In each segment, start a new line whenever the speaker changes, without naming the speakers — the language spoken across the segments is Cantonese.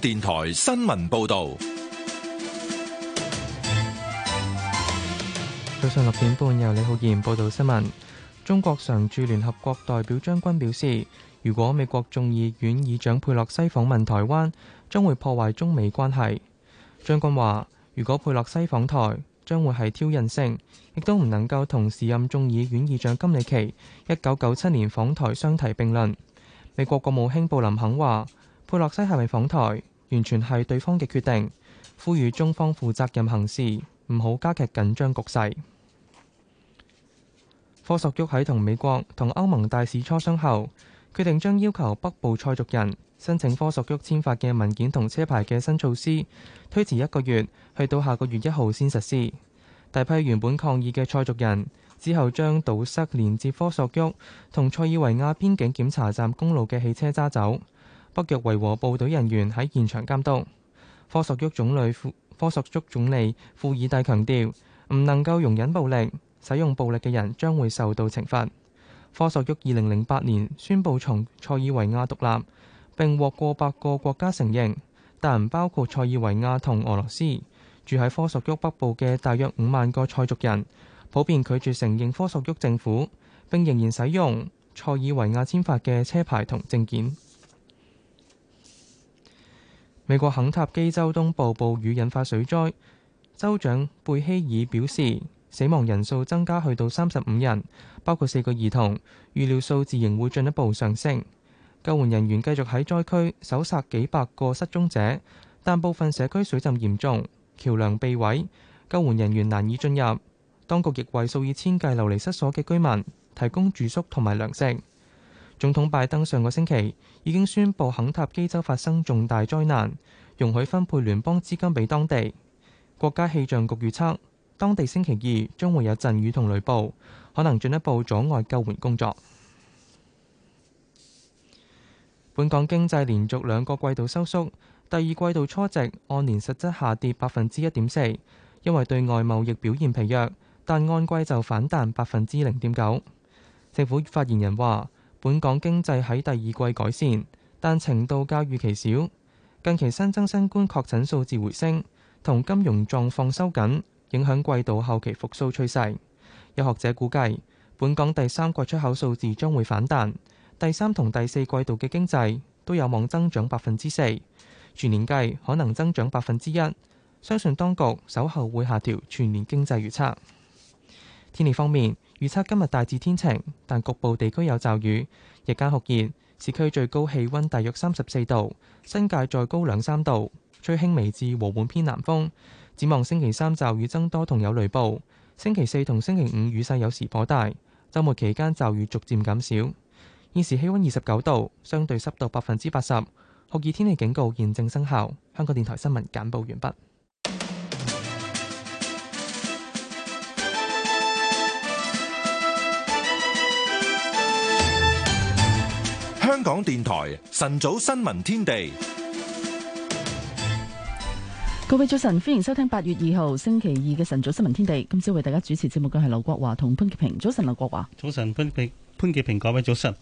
電台新聞報道：
早上六點半，
由李浩然報道新聞。中國常駐聯合國代表張軍表示，如果美國眾議院議長佩洛西訪問台灣，將會破壞中美關係。張軍話：如果佩洛西訪台，將會係挑釁性，亦都唔能夠同時任眾議院議長金里奇一九九七年訪台相提並論。美國國務卿布林肯話。佩洛西係咪訪台，完全係對方嘅決定。呼籲中方負責任行事，唔好加劇緊張局勢。科索沃喺同美國同歐盟大使磋商後，決定將要求北部塞族人申請科索沃簽發嘅文件同車牌嘅新措施推遲一個月，去到下個月一號先實施。大批原本抗議嘅塞族人之後將堵塞連接科索沃同塞爾維亞邊境檢查站公路嘅汽車揸走。北約維和部隊人員喺現場監督。科索沃總理科索沃總理庫爾蒂強調，唔能夠容忍暴力，使用暴力嘅人將會受到懲罰。科索沃二零零八年宣布從塞爾維亞獨立，並獲過百個國家承認，但唔包括塞爾維亞同俄羅斯。住喺科索沃北部嘅大約五萬個塞族人，普遍拒絕承認科索沃政府，並仍然使用塞爾維亞簽發嘅車牌同證件。美國肯塔基州東部暴雨引發水災，州長貝希爾表示，死亡人數增加去到三十五人，包括四個兒童，預料數字仍會進一步上升。救援人員繼續喺災區搜索幾百個失蹤者，但部分社區水浸嚴重，橋樑被毀，救援人員難以進入。當局亦為數以千計流離失所嘅居民提供住宿同埋糧食。總統拜登上個星期。已經宣布肯塔基州發生重大災難，容許分配聯邦資金畀當地。國家氣象局預測，當地星期二將會有陣雨同雷暴，可能進一步阻礙救援工作。本港經濟連續兩個季度收縮，第二季度初值按年實質下跌百分之一點四，因為對外貿易表現疲弱，但按季就反彈百分之零點九。政府發言人話：本港經濟喺第二季改善，但程度較預期少。近期新增新冠確診數字回升，同金融狀況收緊，影響季度後期復甦趨勢。有學者估計，本港第三季出口數字將會反彈，第三同第四季度嘅經濟都有望增長百分之四，全年計可能增長百分之一。相信當局稍後會下調全年經濟預測。天氣方面，預測今日大致天晴，但局部地區有驟雨，日間酷熱，市區最高氣溫大約三十四度，新界再高兩三度，吹輕微至和緩偏南風。展望星期三驟雨增多同有雷暴，星期四同星期五雨勢有時頗大，周末期間驟雨逐漸減少。現時氣溫二十九度，相對濕度百分之八十，酷熱天氣警告現正生效。香港電台新聞簡報完畢。
香
港電台晨早新聞天地，
各位早晨，歡迎收聽八月二號星期二嘅晨早新聞天地。今朝為大家主持節目嘅係劉國華同潘潔平。早晨，劉國華。
早晨，潘潔潘潔平。各位早晨。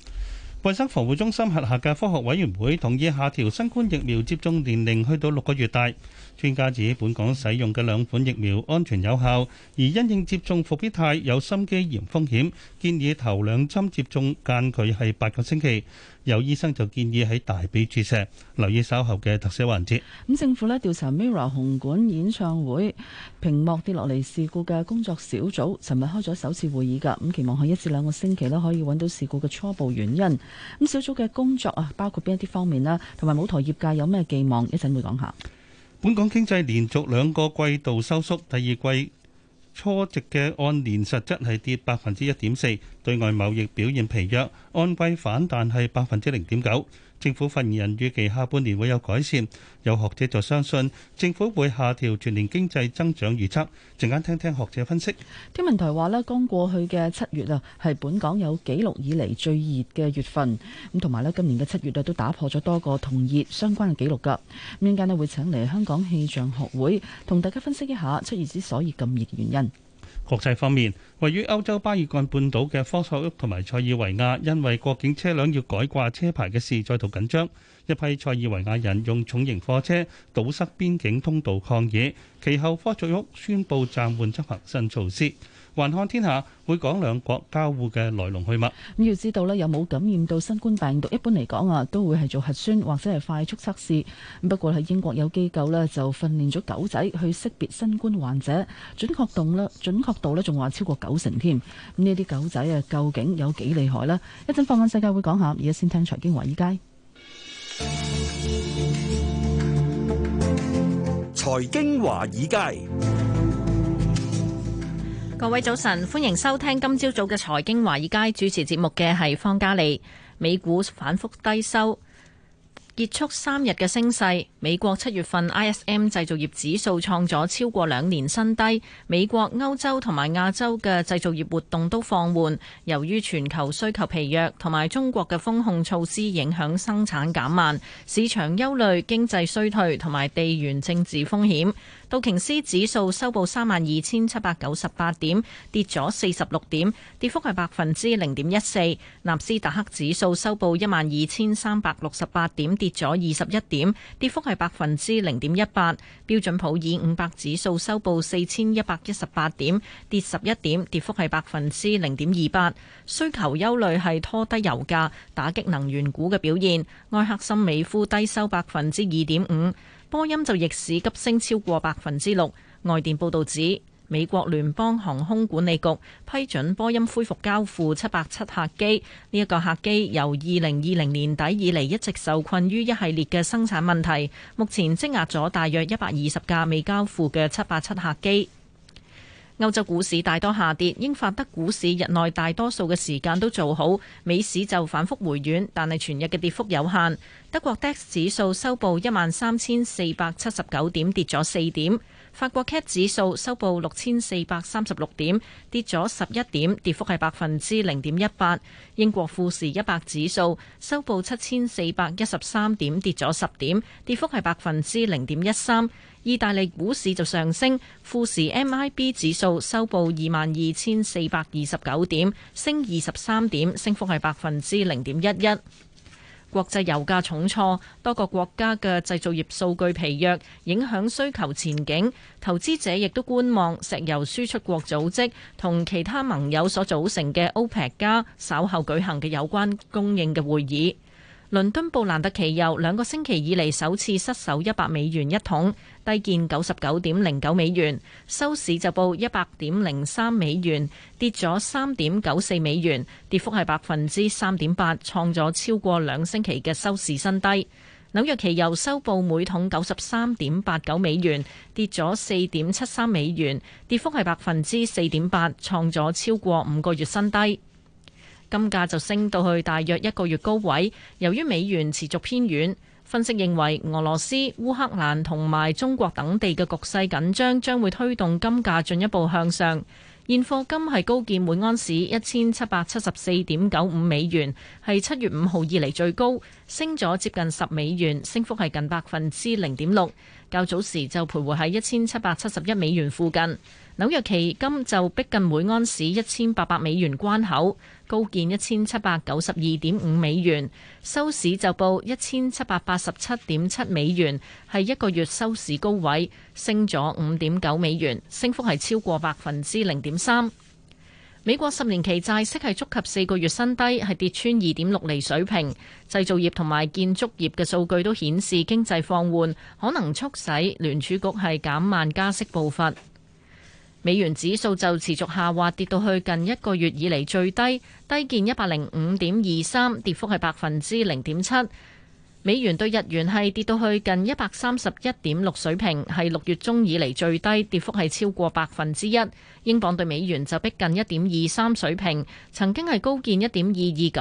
衛生防護中心轄下嘅科學委員會同意下調新冠疫苗接種年齡，去到六個月大。專家指，本港使用嘅兩款疫苗安全有效，而因應接種復必泰有心肌炎風險，建議頭兩針接種間距係八個星期。有醫生就建議喺大髀注射，留意稍後嘅特寫環節。
咁政府咧調查 Mirror 紅館演唱會屏幕跌落嚟事故嘅工作小組，尋日開咗首次會議㗎。咁期望喺一至兩個星期都可以揾到事故嘅初步原因。咁小組嘅工作啊，包括邊一啲方面咧，同埋舞台業界有咩寄望？一陣會講下。本港經濟
連續兩個季度收縮，第二季初值嘅按年實質係跌百分之一點四，對外貿易表現疲弱，按季反彈係百分之零點九。政府發言人預期下半年會有改善，有學者就相信政府會下調全年經濟增長預測。陣間聽聽學者分析。
天文台話呢剛過去嘅七月啊，係本港有紀錄以嚟最熱嘅月份，咁同埋呢，今年嘅七月啊，都打破咗多個同熱相關嘅紀錄噶。咁陣間呢會請嚟香港氣象學會同大家分析一下七月之所以咁熱嘅原因。
國際方面，位於歐洲巴爾幹半島嘅科索沃同埋塞爾維亞，因為國境車輛要改掛車牌嘅事再度緊張。一批塞爾維亞人用重型貨車堵塞邊境通道抗議，其後科索沃宣布暫緩執行新措施。還看天下會講兩國交互嘅來龍去脈。
咁要知道咧，有冇感染到新冠病毒？一般嚟講啊，都會係做核酸或者係快速測試。不過喺英國有機構咧，就訓練咗狗仔去識別新冠患者，準確度啦，準確度咧，仲話超過九成添。咁呢啲狗仔啊，究竟有幾厲害咧？一陣放眼世界會講下，而家先聽財經華爾街。
財經華爾街。
各位早晨，歡迎收聽今朝早嘅財經華爾街，主持節目嘅係方嘉莉。美股反覆低收，結束三日嘅升勢。美國七月份 ISM 製造業指數創咗超過兩年新低，美國、歐洲同埋亞洲嘅製造業活動都放緩，由於全球需求疲弱同埋中國嘅封控措施影響生產減慢，市場憂慮經濟衰退同埋地緣政治風險。道瓊斯指數收報三萬二千七百九十八點，跌咗四十六點，跌幅係百分之零點一四。納斯達克指數收報一萬二千三百六十八點，跌咗二十一點，跌幅係百分之零點一八，標準普爾五百指數收報四千一百一十八點，跌十一點，跌幅係百分之零點二八。需求憂慮係拖低油價，打擊能源股嘅表現。愛克森美孚低收百分之二點五，波音就逆市急升超過百分之六。外電報道指。美國聯邦航空管理局批准波音恢復交付七八七客機。呢、這、一個客機由二零二零年底以嚟一直受困於一系列嘅生產問題，目前積壓咗大約一百二十架未交付嘅七八七客機。歐洲股市大多下跌，英法德股市日內大多數嘅時間都做好，美市就反覆回軟，但係全日嘅跌幅有限。德國 DAX 指數收報一萬三千四百七十九點，跌咗四點。法國 CAC 指數收報六千四百三十六點，跌咗十一點，跌幅係百分之零點一八。英國富時一百指數收報七千四百一十三點，跌咗十點，跌幅係百分之零點一三。意大利股市就上升，富時 MIB 指數收報二萬二千四百二十九點，升二十三點，升幅係百分之零點一一。國際油價重挫，多個國家嘅製造業數據疲弱，影響需求前景。投資者亦都觀望石油輸出國組織同其他盟友所組成嘅 OPEC 加稍後舉行嘅有關供應嘅會議。倫敦布蘭特期油兩個星期以嚟首次失守一百美元一桶。低見九十九點零九美元，收市就報一百點零三美元，跌咗三點九四美元，跌幅係百分之三點八，創咗超過兩星期嘅收市新低。紐約期油收報每桶九十三點八九美元，跌咗四點七三美元，跌幅係百分之四點八，創咗超過五個月新低。金價就升到去大約一個月高位，由於美元持續偏軟。分析認為，俄羅斯、烏克蘭同埋中國等地嘅局勢緊張，將會推動金價進一步向上。現貨金係高見每盎司一千七百七十四點九五美元，係七月五號以嚟最高，升咗接近十美元，升幅係近百分之零點六，較早時就徘徊喺一千七百七十一美元附近。紐約期金就逼近每安士一千八百美元關口，高見一千七百九十二點五美元，收市就報一千七百八十七點七美元，係一個月收市高位，升咗五點九美元，升幅係超過百分之零點三。美國十年期債息係觸及四個月新低，係跌穿二點六厘水平。製造業同埋建築業嘅數據都顯示經濟放緩，可能促使聯儲局係減慢加息步伐。美元指數就持續下滑，跌到去近一個月以嚟最低，低見一百零五點二三，跌幅係百分之零點七。美元對日元係跌到去近一百三十一點六水平，係六月中以嚟最低，跌幅係超過百分之一。英鎊對美元就逼近一點二三水平，曾經係高見一點二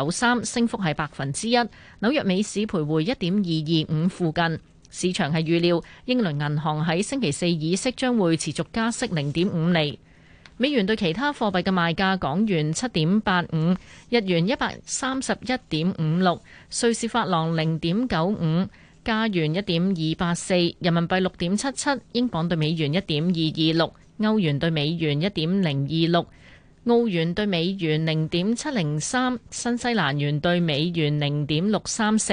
二九三，升幅係百分之一。紐約美市徘徊一點二二五附近。市場係預料英倫銀行喺星期四議息將會持續加息零點五釐。美元對其他貨幣嘅賣價：港元七點八五，日元一百三十一點五六，瑞士法郎零點九五，加元一點二八四，人民幣六點七七，英鎊對美元一點二二六，歐元對美元一點零二六，澳元對美元零點七零三，新西蘭元對美元零點六三四。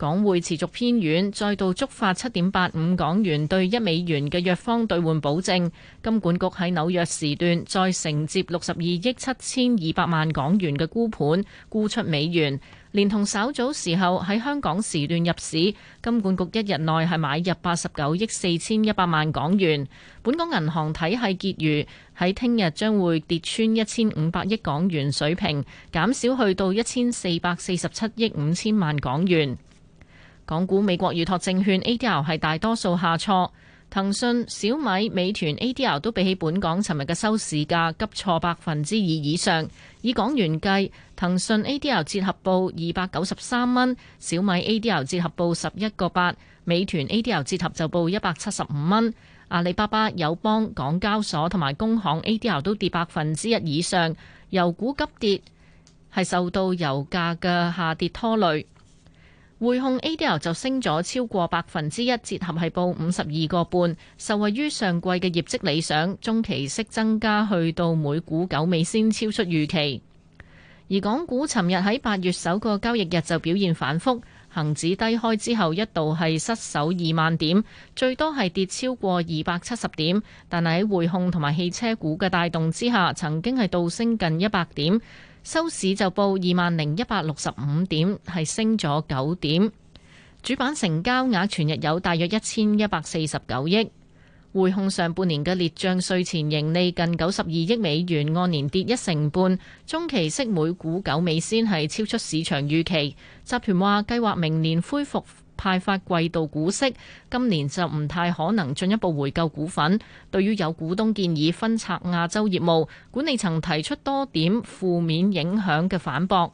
港匯持續偏軟，再度觸發七點八五港元兌一美元嘅弱方兌換保證。金管局喺紐約時段再承接六十二億七千二百萬港元嘅沽盤沽出美元，連同稍早時候喺香港時段入市，金管局一日內係買入八十九億四千一百萬港元。本港銀行體系結餘喺聽日將會跌穿一千五百億港元水平，減少去到一千四百四十七億五千萬港元。港股美國預託證券 ADR 係大多數下挫，騰訊、小米、美團 ADR 都比起本港尋日嘅收市價急挫百分之二以上。以港元計，騰訊 ADR 折合報二百九十三蚊，小米 ADR 折合報十一個八，美團 ADR 折合就報一百七十五蚊。阿里巴巴、友邦、港交所同埋工行 ADR 都跌百分之一以上，油股急跌係受到油價嘅下跌拖累。匯控 ADR 就升咗超過百分之一，折合係報五十二個半，受惠於上季嘅業績理想，中期息增加去到每股九美仙，超出預期。而港股尋日喺八月首個交易日就表現反覆，恒指低開之後一度係失守二萬點，最多係跌超過二百七十點，但係喺匯控同埋汽車股嘅帶動之下，曾經係倒升近一百點。收市就報二萬零一百六十五點，係升咗九點。主板成交額全日有大約一千一百四十九億。匯控上半年嘅列賬稅前盈利近九十二億美元，按年跌一成半。中期息每股九美仙係超出市場預期。集團話計劃明年恢復。派發季度股息，今年就唔太可能進一步回購股份。對於有股東建議分拆亞洲業務，管理層提出多點負面影響嘅反駁，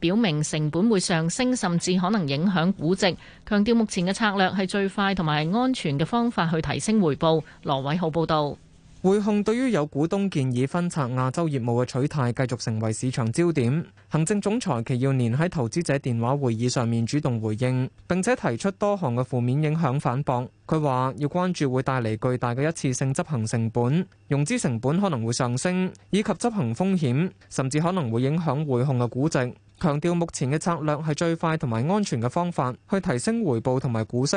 表明成本會上升，甚至可能影響股值。強調目前嘅策略係最快同埋安全嘅方法去提升回報。
羅偉浩報道。匯控對於有股東建議分拆亞洲業務嘅取態，繼續成為市場焦點。行政總裁祁耀年喺投資者電話會議上面主動回應，並且提出多項嘅負面影響反駁。佢話要關注會帶嚟巨大嘅一次性執行成本、融資成本可能會上升，以及執行風險，甚至可能會影響匯控嘅估值。強調目前嘅策略係最快同埋安全嘅方法，去提升回報同
埋股息。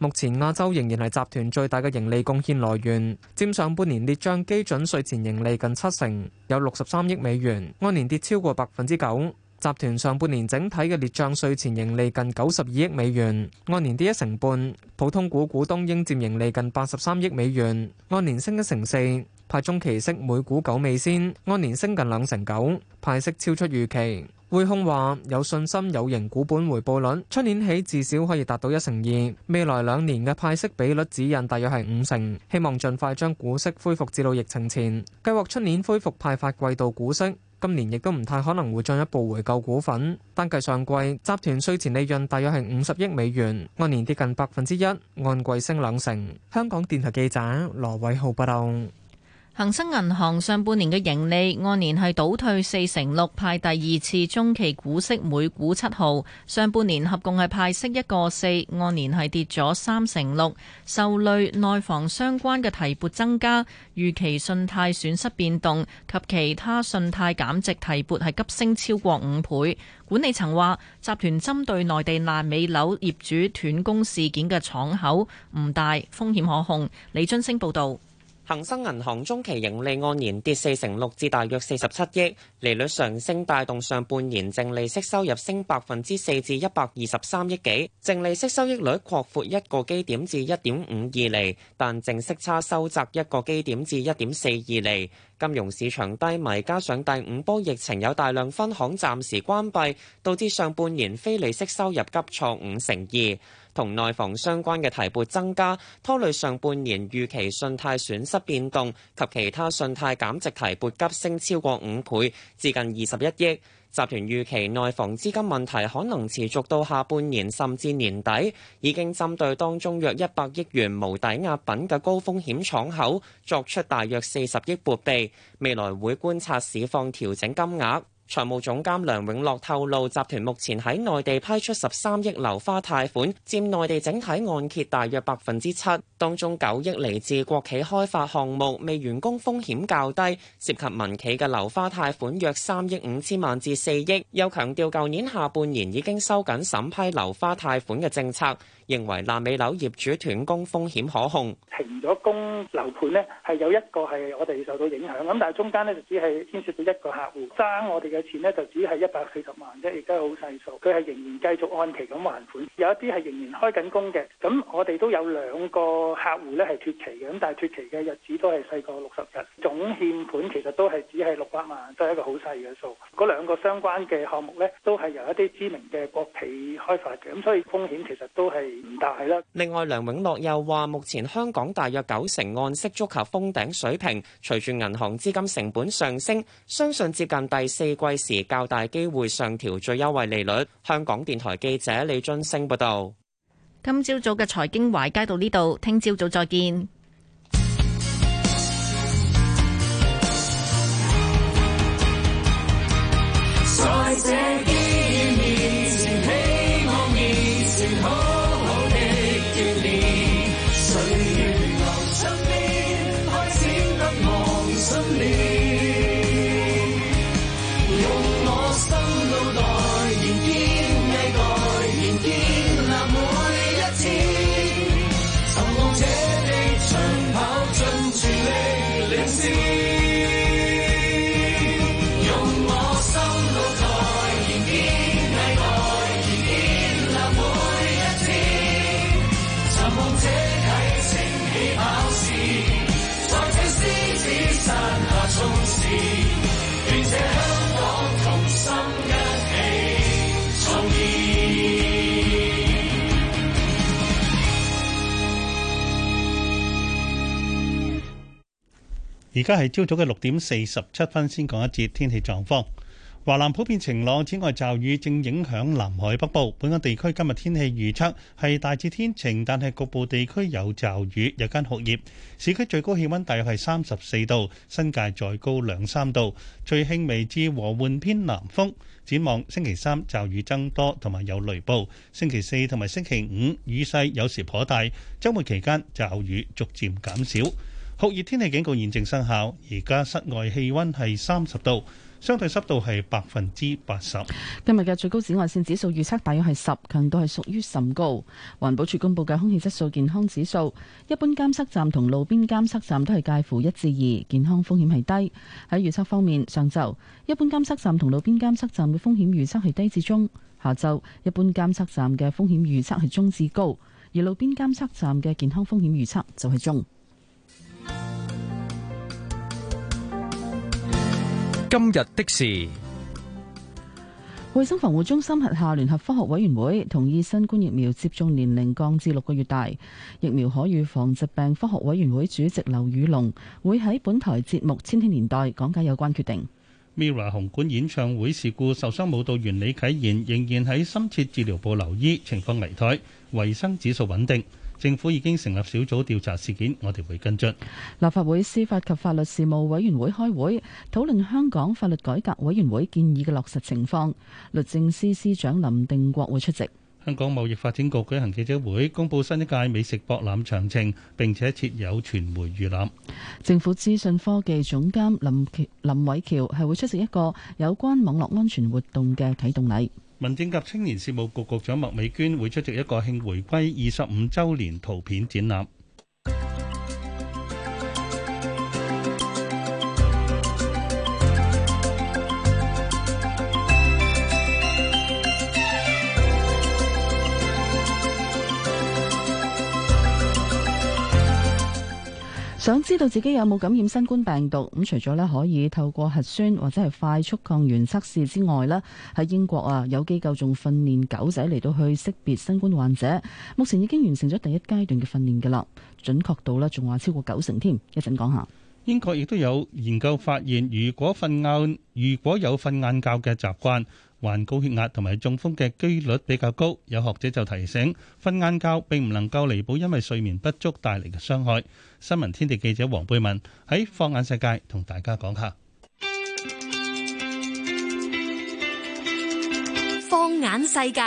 目前亞洲仍然係集團最大嘅盈利貢獻來源，佔上半年列賬基準稅前盈利近七成，有六十三億美元，按年跌超過百分之九。集團上半年整體嘅列賬稅前盈利近九十二億美元，按年跌一成半。普通股股東應佔盈利近八十三億美元，按年升一成四。派中期息每股九美仙，按年升近兩成九，派息超出預期。匯控話有信心有形股本回報率，出年起至少可以達到一成二，未來兩年嘅派息比率指引大約係五成，希望盡快將股息恢復至到疫情前。計劃出年恢復派發季度股息，今年亦都唔太可能會進一步回購股份。單計上季集團稅前利潤大約係五十億美元，按年跌近百分之一，按季升兩成。香港電台記者羅偉浩報道。
恒生銀行上半年嘅盈利按年係倒退四成六，派第二次中期股息每股七毫，上半年合共係派息一個四，按年係跌咗三成六。受累內房相關嘅提撥增加、預期信貸損失變動及其他信貸減值提撥係急升超過五倍。管理層話集團針對內地爛尾樓業主斷供事件嘅敞口唔大，風險可控。
李津升報導。恒生銀行中期盈利按年跌四成六，至大約四十七億。利率上升帶動上半年淨利息收入升百分之四，至一百二十三億幾。淨利息收益率擴闊一個基點至一點五二厘，但淨息差收窄一個基點至一點四二厘。金融市場低迷，加上第五波疫情有大量分行暫時關閉，導致上半年非利息收入急挫五成二。同內房相關嘅提撥增加，拖累上半年預期信貸損失變動及其他信貸減值提撥急升超過五倍，至近二十一億。集團預期內房資金問題可能持續到下半年甚至年底，已經針對當中約一百億元無抵押品嘅高風險敞口作出大約四十億撥備，未來會觀察市況調整金額。財務總監梁永樂透露，集團目前喺內地批出十三億樓花貸款，佔內地整體按揭大約百分之七。當中九億嚟自國企開發項目，未完工風險較低；涉及民企嘅樓花貸款約三億五千萬至四億。又強調，舊年下半年已經收緊審批樓花貸款嘅政策，認為爛尾樓業主斷供風險可控。停
咗工樓盤呢，係有一個係我哋受到影響。咁但係中間呢就只係牽涉到一個客戶爭我哋嘅。嘅錢咧就只係一百四十萬啫，亦都係好細數。佢係仍然繼續按期咁還款，有一啲係仍然開緊工嘅。咁我哋都有兩個客戶咧係脫期嘅，咁但係脫期嘅日子都係細過六十日。總欠款其實都係只係六百萬，都係一個好細嘅數。嗰兩個相關嘅項目咧都係由一啲知名嘅國企開發嘅，咁所以風險其實都係唔大啦。
另外，梁永樂又話：目前香港大約九成按息觸及封頂水平，隨住銀行資金成本上升，相信接近第四季。屆時較大機會上調最優惠利率。香港電台記者李津升報道。
今朝早嘅財經懷街，到呢度，聽朝早再見。
而家係朝早嘅六點四十七分講，先講一節天氣狀況。華南普遍晴朗，此外驟雨正影響南海北部。本港地區今日天氣預測係大致天晴，但係局部地區有驟雨，有間酷熱。市區最高氣溫大約係三十四度，新界再高兩三度。最輕微至和緩偏南風。展望星期三驟雨增多，同埋有雷暴。星期四同埋星期五雨勢有時頗大。週末期間驟雨逐漸減少。酷熱天氣警告現正生效，而家室外氣溫係三十度，相對濕度係百分之八十。
今日嘅最高紫外線指數預測大約係十，強度係屬於甚高。環保署公布嘅空氣質素健康指數，一般監測站同路邊監測站都係介乎一至二，健康風險係低。喺預測方面，上晝一般監測站同路邊監測站嘅風險預測係低至中，下晝一般監測站嘅風險預測係中至高，而路邊監測站嘅健康風險預測就係中。
今日的事，
衛生防護中心轄下聯合科學委員會同意新冠疫苗接種年齡降至六個月大，疫苗可預防疾病科學委員會主席劉宇龍會喺本台節目《千禧年代》講解有關決定。
Mira 紅館演唱會事故受傷舞蹈員李啟賢仍然喺深切治療部留醫，情況危殆，衛生指數穩定。政府已經成立小組調查事件，我哋會跟進。
立法會司法及法律事務委員會開會討論香港法律改革委員會建議嘅落實情況。律政司司長林定國會出席。
香港貿易發展局舉行記者會，公布新一屆美食博覽詳情，並且設有傳媒預覽。
政府資訊科技總監林林偉橋係會出席一個有關網絡安全活動嘅啟動禮。
民政及青年事務局局長麥美娟會出席一個慶回歸二十五周年圖片展覽。
想知道自己有冇感染新冠病毒咁，除咗咧可以透過核酸或者係快速抗原測試之外咧，喺英國啊有機構仲訓練狗仔嚟到去識別新冠患者，目前已經完成咗第一階段嘅訓練噶啦，準確度咧仲話超過九成添。一陣講下，
英國亦都有研究發現，如果瞓晏，如果有瞓晏覺嘅習慣。患高血壓同埋中風嘅幾率比較高，有學者就提醒，瞓晏覺並唔能夠彌補因為睡眠不足帶嚟嘅傷害。新聞天地記者黃貝文喺放眼世界同大家講下。放
眼世界，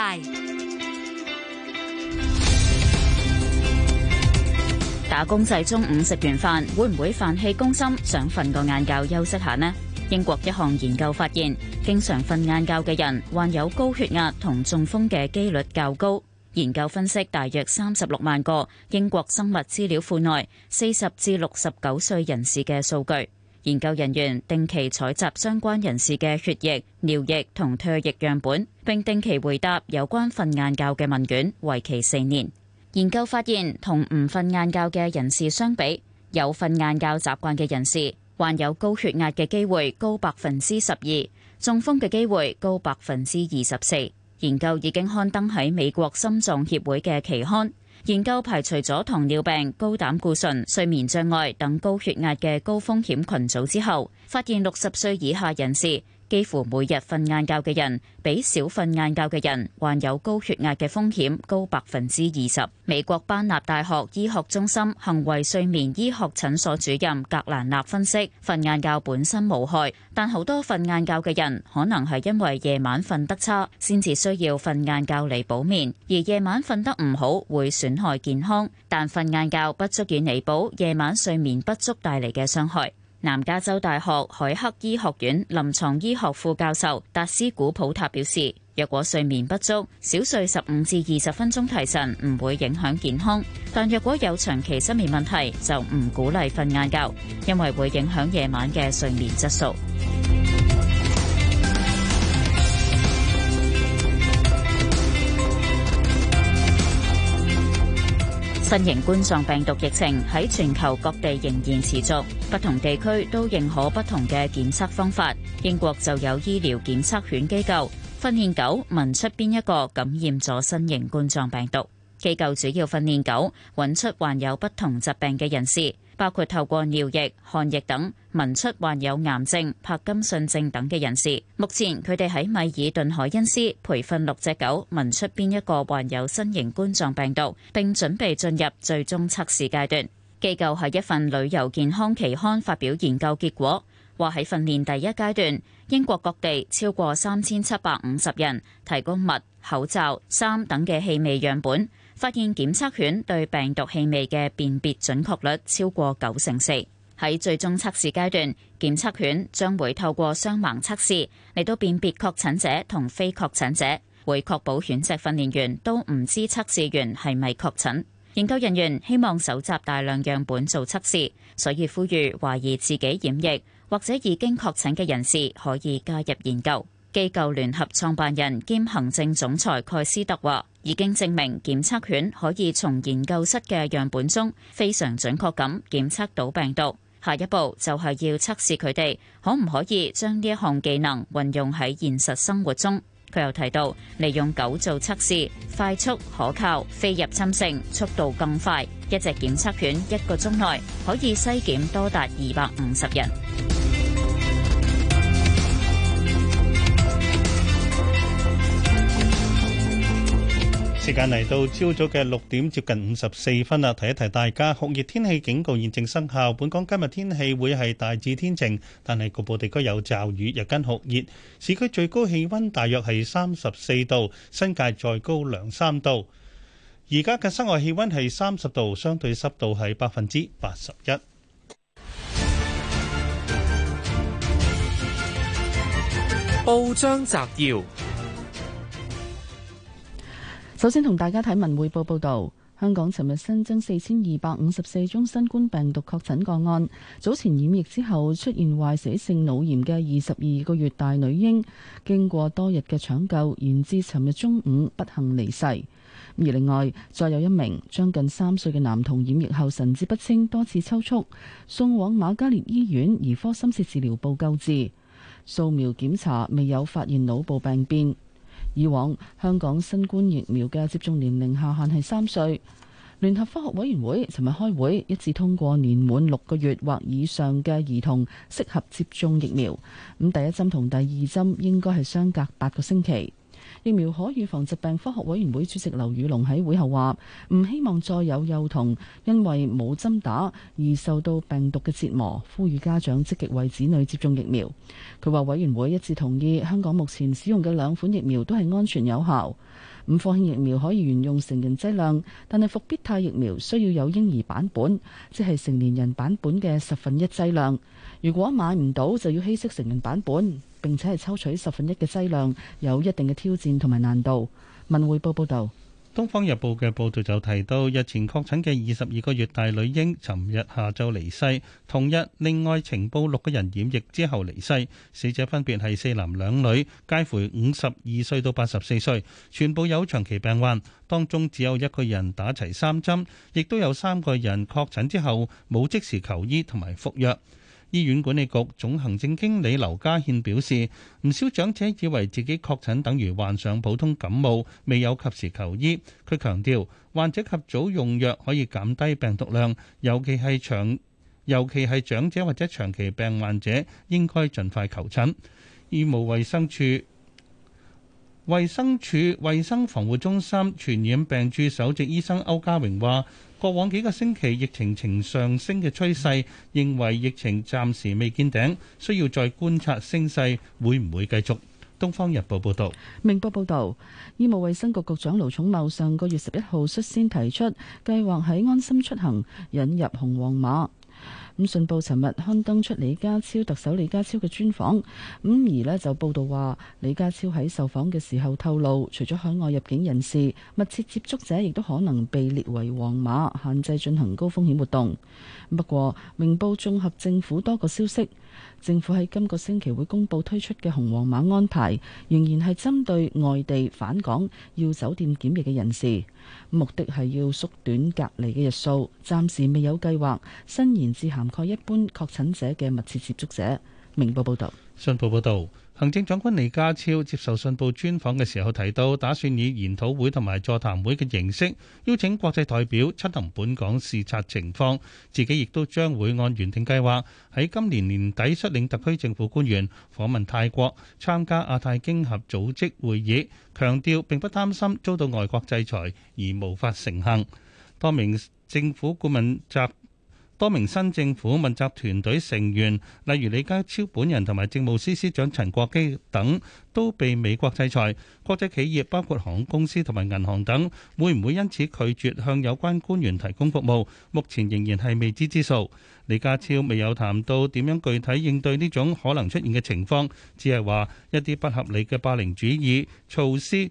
打工仔中午食完飯會唔會飯氣攻心，想瞓個晏覺休息下呢？英國一項研究發現，經常瞓晏覺嘅人患有高血壓同中風嘅幾率較高。研究分析大約三十六萬個英國生物資料庫內四十至六十九歲人士嘅數據。研究人員定期採集相關人士嘅血液、尿液同唾液樣本，並定期回答有關瞓晏覺嘅問卷，為期四年。研究發現，同唔瞓晏覺嘅人士相比，有瞓晏覺習慣嘅人士。患有高血壓嘅機會高百分之十二，中風嘅機會高百分之二十四。研究已經刊登喺美國心臟協會嘅期刊。研究排除咗糖尿病、高膽固醇、睡眠障礙等高血壓嘅高風險群組之後，發現六十歲以下人士，幾乎每日瞓晏覺嘅人，比少瞓晏覺嘅人患有高血壓嘅風險高百分之二十。美國班納大學醫學中心行為睡眠醫學診所主任格蘭納分析：瞓晏覺本身無害，但好多瞓晏覺嘅人可能係因為夜晚瞓得差，先至需要瞓晏覺嚟補眠。而夜晚瞓得唔好會損害健康，但瞓晏覺不足以彌補夜晚睡眠不足帶嚟嘅傷害。南加州大學海克醫學院臨床醫學副教授達斯古普塔表示，若果睡眠不足，小睡十五至二十分鐘提神，唔會影響健康。但若果有長期失眠問題，就唔鼓勵瞓晏覺，因為會影響夜晚嘅睡眠質素。新型冠狀病毒疫情喺全球各地仍然持續，不同地區都認可不同嘅檢測方法。英國就有醫療檢測犬機構，訓練狗聞出邊一個感染咗新型冠狀病毒。機構主要訓練狗，揾出患有不同疾病嘅人士。包括透過尿液、汗液等聞出患有癌症、柏金遜症等嘅人士，目前佢哋喺米爾頓海恩斯培訓六隻狗聞出邊一個患有新型冠狀病毒，並準備進入最終測試階段。機構喺一份旅遊健康期刊發表研究結果，話喺訓練第一階段，英國各地超過三千七百五十人提供物、口罩、衫等嘅氣味樣本。發現檢測犬對病毒氣味嘅辨別準確率超過九成四。喺最終測試階段，檢測犬將會透過雙盲測試嚟到辨別確診者同非確診者，會確保犬隻訓練員都唔知測試員係咪確診。研究人員希望搜集大量樣本做測試，所以呼籲懷疑自己染疫或者已經確診嘅人士可以加入研究。機構聯合創辦人兼行政總裁蓋斯特話。已經證明檢測犬可以從研究室嘅樣本中非常準確咁檢測到病毒。下一步就係要測試佢哋可唔可以將呢一項技能運用喺現實生活中。佢又提到，利用狗做測試，快速可靠、非入侵性、速度更快，一隻檢測犬一個鐘內可以篩檢多達二百五十人。
時間嚟到朝早嘅六點接近五十四分啦，提一提大家酷熱天氣警告現正生效。本港今日天氣會係大致天晴，但係局部地區有驟雨，日間酷熱。市區最高氣溫大約係三十四度，新界再高兩三度。而家嘅室外氣溫係三十度，相對濕度係百分之八十一。報章摘要。
首先同大家睇文匯報報道，香港尋日新增四千二百五十四宗新冠病毒確診個案。早前染疫之後出現壞死性腦炎嘅二十二個月大女嬰，經過多日嘅搶救，延至尋日中午不幸離世。而另外，再有一名將近三歲嘅男童染疫後神志不清，多次抽搐，送往瑪嘉烈醫院兒科深切治療部救治，掃描檢查未有發現腦部病變。以往香港新冠疫苗嘅接種年齡下限係三歲。聯合科學委員會尋日開會，一致通過年滿六個月或以上嘅兒童適合接種疫苗。咁第一針同第二針應該係相隔八個星期。疫苗可預防疾病科學委員會主席劉宇龍喺會後話：唔希望再有幼童因為冇針打而受到病毒嘅折磨，呼籲家長積極為子女接種疫苗。佢話委員會一致同意，香港目前使用嘅兩款疫苗都係安全有效。咁，科興疫苗可以沿用成人劑量，但係復必泰疫苗需要有嬰兒版本，即係成年人版本嘅十分一劑量。如果買唔到，就要稀釋成人版本。並且係抽取十分一嘅劑量，有一定嘅挑戰同埋難度。文匯報報道，
《東方日報》嘅報導就提到，日前確診嘅二十二個月大女嬰，尋日下晝離世。同日，另外情報六個人染疫之後離世，死者分別係四男兩女，介乎五十二歲到八十四歲，全部有長期病患。當中只有一個人打齊三針，亦都有三個人確診之後冇即時求醫同埋服藥。醫院管理局總行政經理劉家憲表示，唔少長者以為自己確診等於患上普通感冒，未有及時求醫。佢強調，患者及早用藥可以減低病毒量，尤其係長，尤其係長者或者長期病患者，應該盡快求診。醫務衛生處。衛生署衛生防護中心傳染病處首席醫生歐家榮話：過往幾個星期疫情呈上升嘅趨勢，認為疫情暫時未見頂，需要再觀察升勢會唔會繼續。東方日報報道，
明報報道，醫務衛生局局長盧寵茂上個月十一號率先提出計劃喺安心出行引入紅黃碼。咁信報尋日刊登出李家超特首李家超嘅專訪，咁而呢就報道話李家超喺受訪嘅時候透露，除咗海外入境人士，密切接觸者亦都可能被列為黃碼，限制進行高風險活動。不過明報綜合政府多個消息。政府喺今個星期會公布推出嘅紅黃碼安排，仍然係針對外地返港要酒店檢疫嘅人士，目的係要縮短隔離嘅日數。暫時未有計劃伸延至涵蓋一般確診者嘅密切接觸者。明報報道，
信報報道。行政長官李家超接受信報專訪嘅時候提到，打算以研討會同埋座談會嘅形式邀請國際代表親臨本港視察情況，自己亦都將會按原定計劃喺今年年底率領特區政府官員訪問泰國，參加亞太經合組織會議，強調並不擔心遭到外國制裁而無法成行。多名政府顧問集。多名新政府問責團隊成員，例如李家超本人同埋政務司司長陳國基等，都被美國制裁。國際企業包括航空公司同埋銀行等，會唔會因此拒絕向有關官員提供服務？目前仍然係未知之數。李家超未有談到點樣具體應對呢種可能出現嘅情況，只係話一啲不合理嘅霸凌主義措施。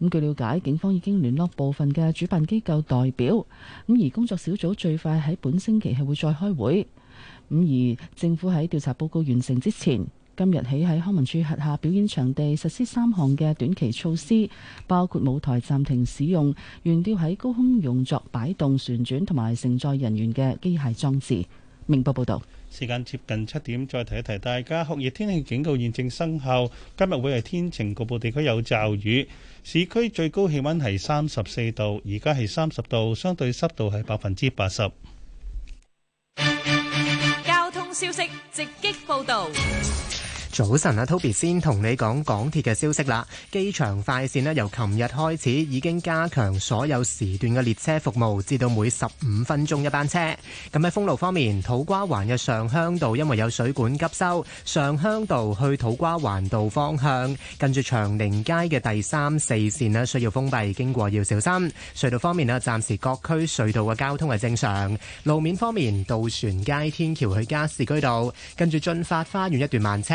咁據了解，警方已經聯絡部分嘅主辦機構代表，咁而工作小組最快喺本星期係會再開會。咁而政府喺調查報告完成之前，今日起喺康文署轄下表演場地實施三項嘅短期措施，包括舞台暫停使用懸吊喺高空用作擺動、旋轉同埋承載人員嘅機械裝置。明報報道。
時間接近七點，再提一提大家，酷熱天氣警告現正生效。今日會係天晴，局部地區有驟雨。市區最高氣溫係三十四度，而家係三十度，相對濕度係百分之八十。
交通消息直擊報導。
早晨啊，Toby 先同你講港鐵嘅消息啦。機場快綫咧由琴日開始已經加強所有時段嘅列車服務，至到每十五分鐘一班車。咁喺封路方面，土瓜灣嘅上鄉道因為有水管急修，上鄉道去土瓜灣道方向，跟住長寧街嘅第三四綫咧需要封閉，經過要小心。隧道方面咧，暫時各區隧道嘅交通係正常。路面方面，渡船街天橋去加士居道，跟住駿發花園一段慢車。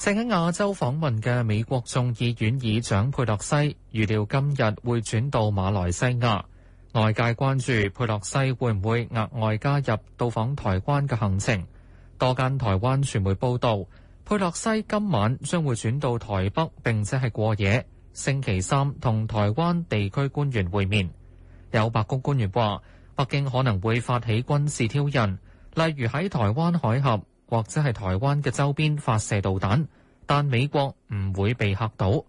正喺亞洲訪問嘅美國眾議院議長佩洛西，預料今日會轉到馬來西亞，外界關注佩洛西會唔會額外加入到訪台灣嘅行程。多間台灣傳媒報道，佩洛西今晚將會轉到台北，並且係過夜，星期三同台灣地區官員會面。有白宮官員話，北京可能會發起軍事挑釁，例如喺台灣海峽。或者係台灣嘅周邊發射導彈，但美國唔會被嚇到。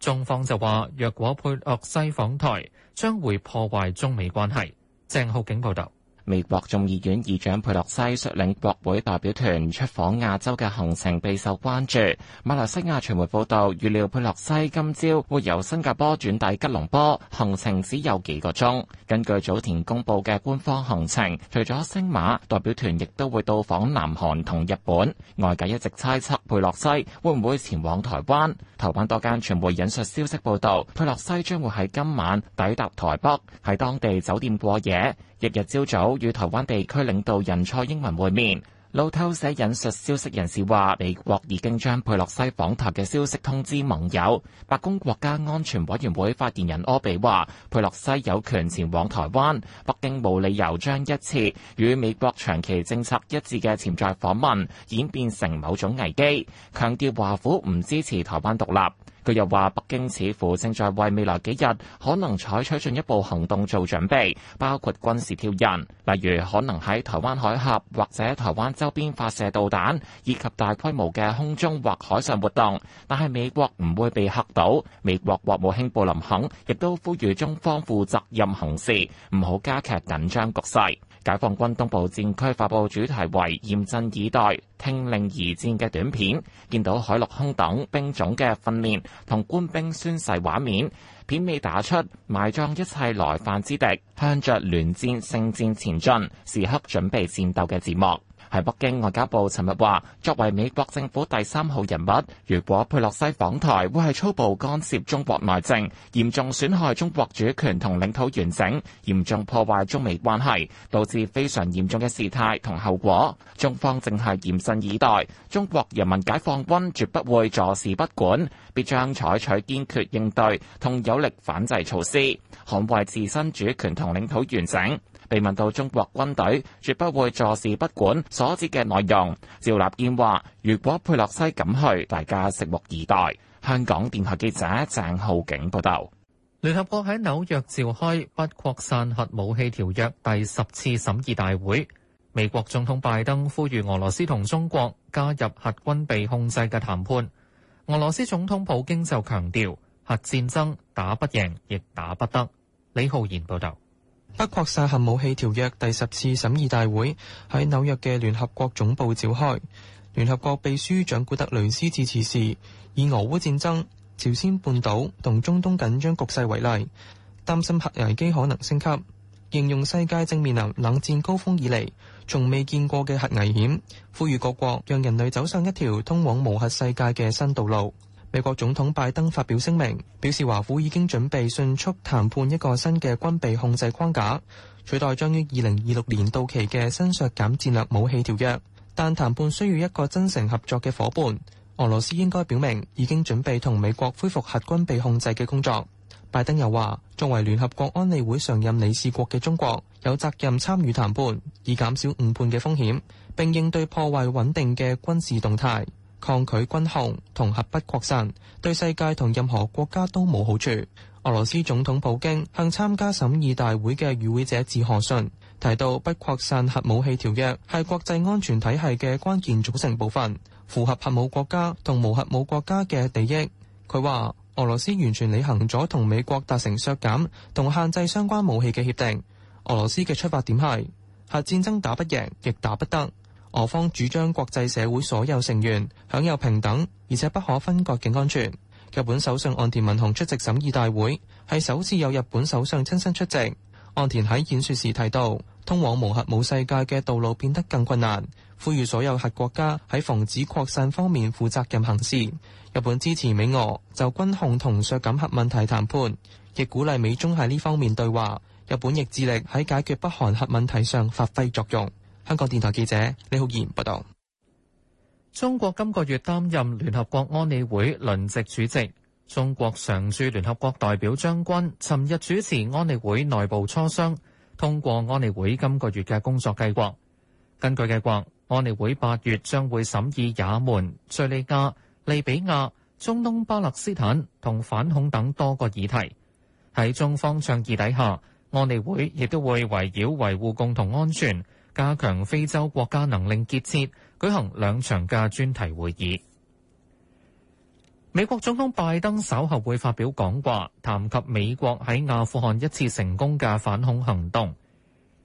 中方就話，若果佩洛西訪台，將會破壞中美關係。鄭浩景報道。
美國眾議院議長佩洛西率領國會代表團出訪亞洲嘅行程備受關注。馬來西亞傳媒報道，預料佩洛西今朝會由新加坡轉抵吉隆坡，行程只有幾個鐘。根據早前公布嘅官方行程，除咗星馬，代表團亦都會到訪南韓同日本。外界一直猜測佩洛西會唔會前往台灣。台灣多間傳媒引述消息報道，佩洛西將會喺今晚抵達台北，喺當地酒店過夜。日日朝早與台灣地區領導人蔡英文會面。路透社引述消息人士話，美國已經將佩洛西訪台嘅消息通知盟友。白宮國家安全委員會發言人柯比話，佩洛西有權前往台灣，北京無理由將一次與美國長期政策一致嘅潛在訪問演變成某種危機，強調華府唔支持台灣獨立。佢又話：北京似乎正在為未來幾日可能採取進一步行動做準備，包括軍事挑釁，例如可能喺台灣海峽或者台灣周邊發射導彈，以及大規模嘅空中或海上活動。但係美國唔會被嚇到。美國國務卿布林肯亦都呼籲中方負責任行事，唔好加劇緊張局勢。解放軍東部戰區發布主題為“嚴陣以待，聽令而戰”嘅短片，見到海陸空等兵種嘅訓練同官兵宣誓畫面，片尾打出“埋葬一切來犯之敵，向着聯戰勝戰前進，時刻準備戰鬥”嘅字幕。喺北京外交部尋日話作為美國政府第三號人物，如果佩洛西訪台，會係粗暴干涉中國內政，嚴重損害中國主權同領土完整，嚴重破壞中美關係，導致非常嚴重嘅事態同後果。中方正係嚴陣以待，中國人民解放軍絕不會坐視不管，必將採取堅決應對同有力反制措施，捍衛自身主權同領土完整。被問到中國軍隊絕不會坐視不管所指嘅內容，趙立堅話：如果佩洛西敢去，大家拭目以待。香港電台記者鄭浩景報道。
聯合國喺紐約召開《不擴散核武器條約》第十次審議大會，美國總統拜登呼籲俄羅斯同中國加入核軍備控制嘅談判。俄羅斯總統普京就強調：核戰爭打不贏，亦打不得。李
浩然報導。不擴散核武器條約第十次審議大會喺紐約嘅聯合國總部召開。聯合國秘書長古特雷斯致辭時，以俄烏戰爭、朝鮮半島同中東緊張局勢為例，擔心核危機可能升級，形容世界正面臨冷戰高峰以嚟從未見過嘅核危險，呼籲各國讓人類走上一條通往無核世界嘅新道路。美國總統拜登發表聲明，表示華府已經準備迅速談判一個新嘅軍備控制框架，取代將於二零二六年到期嘅新削減戰略武器條約。但談判需要一個真誠合作嘅伙伴，俄羅斯應該表明已經準備同美國恢復核軍備控制嘅工作。拜登又話，作為聯合國安理會常任理事國嘅中國，有責任參與談判，以減少誤判嘅風險，並應對破壞穩定嘅軍事動態。抗拒軍控同核不擴散，對世界同任何國家都冇好處。俄羅斯總統普京向參加審議大會嘅與會者致賀信，提到不擴散核武器條約係國際安全體系嘅關鍵組成部分，符合核武國家同無核武國家嘅利益。佢話：俄羅斯完全履行咗同美國達成削減同限制相關武器嘅協定。俄羅斯嘅出發點係核戰爭打不贏，亦打不得。俄方主張國際社會所有成員享有平等，而且不可分割嘅安全。日本首相岸田文雄出席審議大會，係首次有日本首相親身出席。岸田喺演說時提到，通往無核武世界嘅道路變得更困難，呼籲所有核國家喺防止擴散方面負責任行事。日本支持美俄就軍控同削減核問題談判，亦鼓勵美中喺呢方面對話。日本亦致力喺解決北韓核問題上發揮作用。香港電台記者李浩然報道：中國今個月擔任聯合國安理會
輪值主席。中國常駐聯合國代表張軍尋日主持安理會內部磋商，通過安理會今個月嘅工作計劃。根據計劃，安理會八月將會審議也門、敘利亞、利比亞、中東巴勒斯坦同反恐等多個議題。喺中方倡議底下，安理會亦都會圍繞維護共同安全，加強非洲國家能力建設，舉行兩場嘅專題會議。美國總統拜登稍後會發表講話，談及美國喺阿富汗一次成功嘅反恐行動。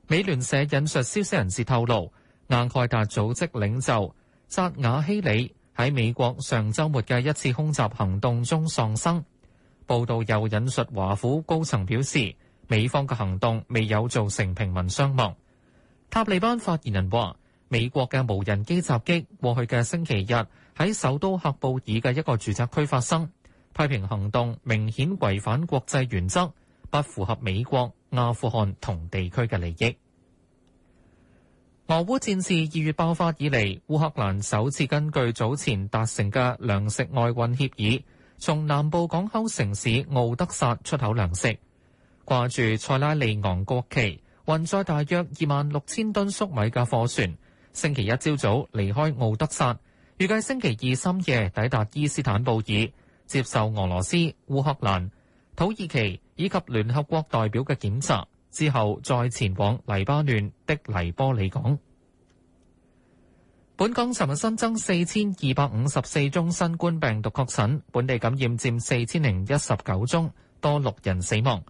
美聯社引述消息人士透露，阿蓋達組織領袖扎瓦希里喺美國上週末嘅一次空襲行動中喪生。報道又引述華府高層表示，美方嘅行動未有造成平民傷亡。塔利班發言人話：美國嘅無人機襲擊，過去嘅星期日喺首都喀布爾嘅一個住宅區發生，批評行動明顯違反國際原則，不符合美國、阿富汗同地區嘅利益。俄烏戰事二月爆發以嚟，烏克蘭首次根據早前達成嘅糧食外運協議，從南部港口城市敖德薩出口糧食，掛住塞拉利昂國旗。運載大約二萬六千噸粟米嘅貨船，星期一朝早離開奧德薩，預計星期二深夜抵達伊斯坦布爾，接受俄羅斯、烏克蘭、土耳其以及聯合國代表嘅檢查，之後再前往黎巴嫩的黎波里港。本港尋日新增四千二百五十四宗新冠病毒確診，本地感染佔四千零一十九宗，多六人死亡。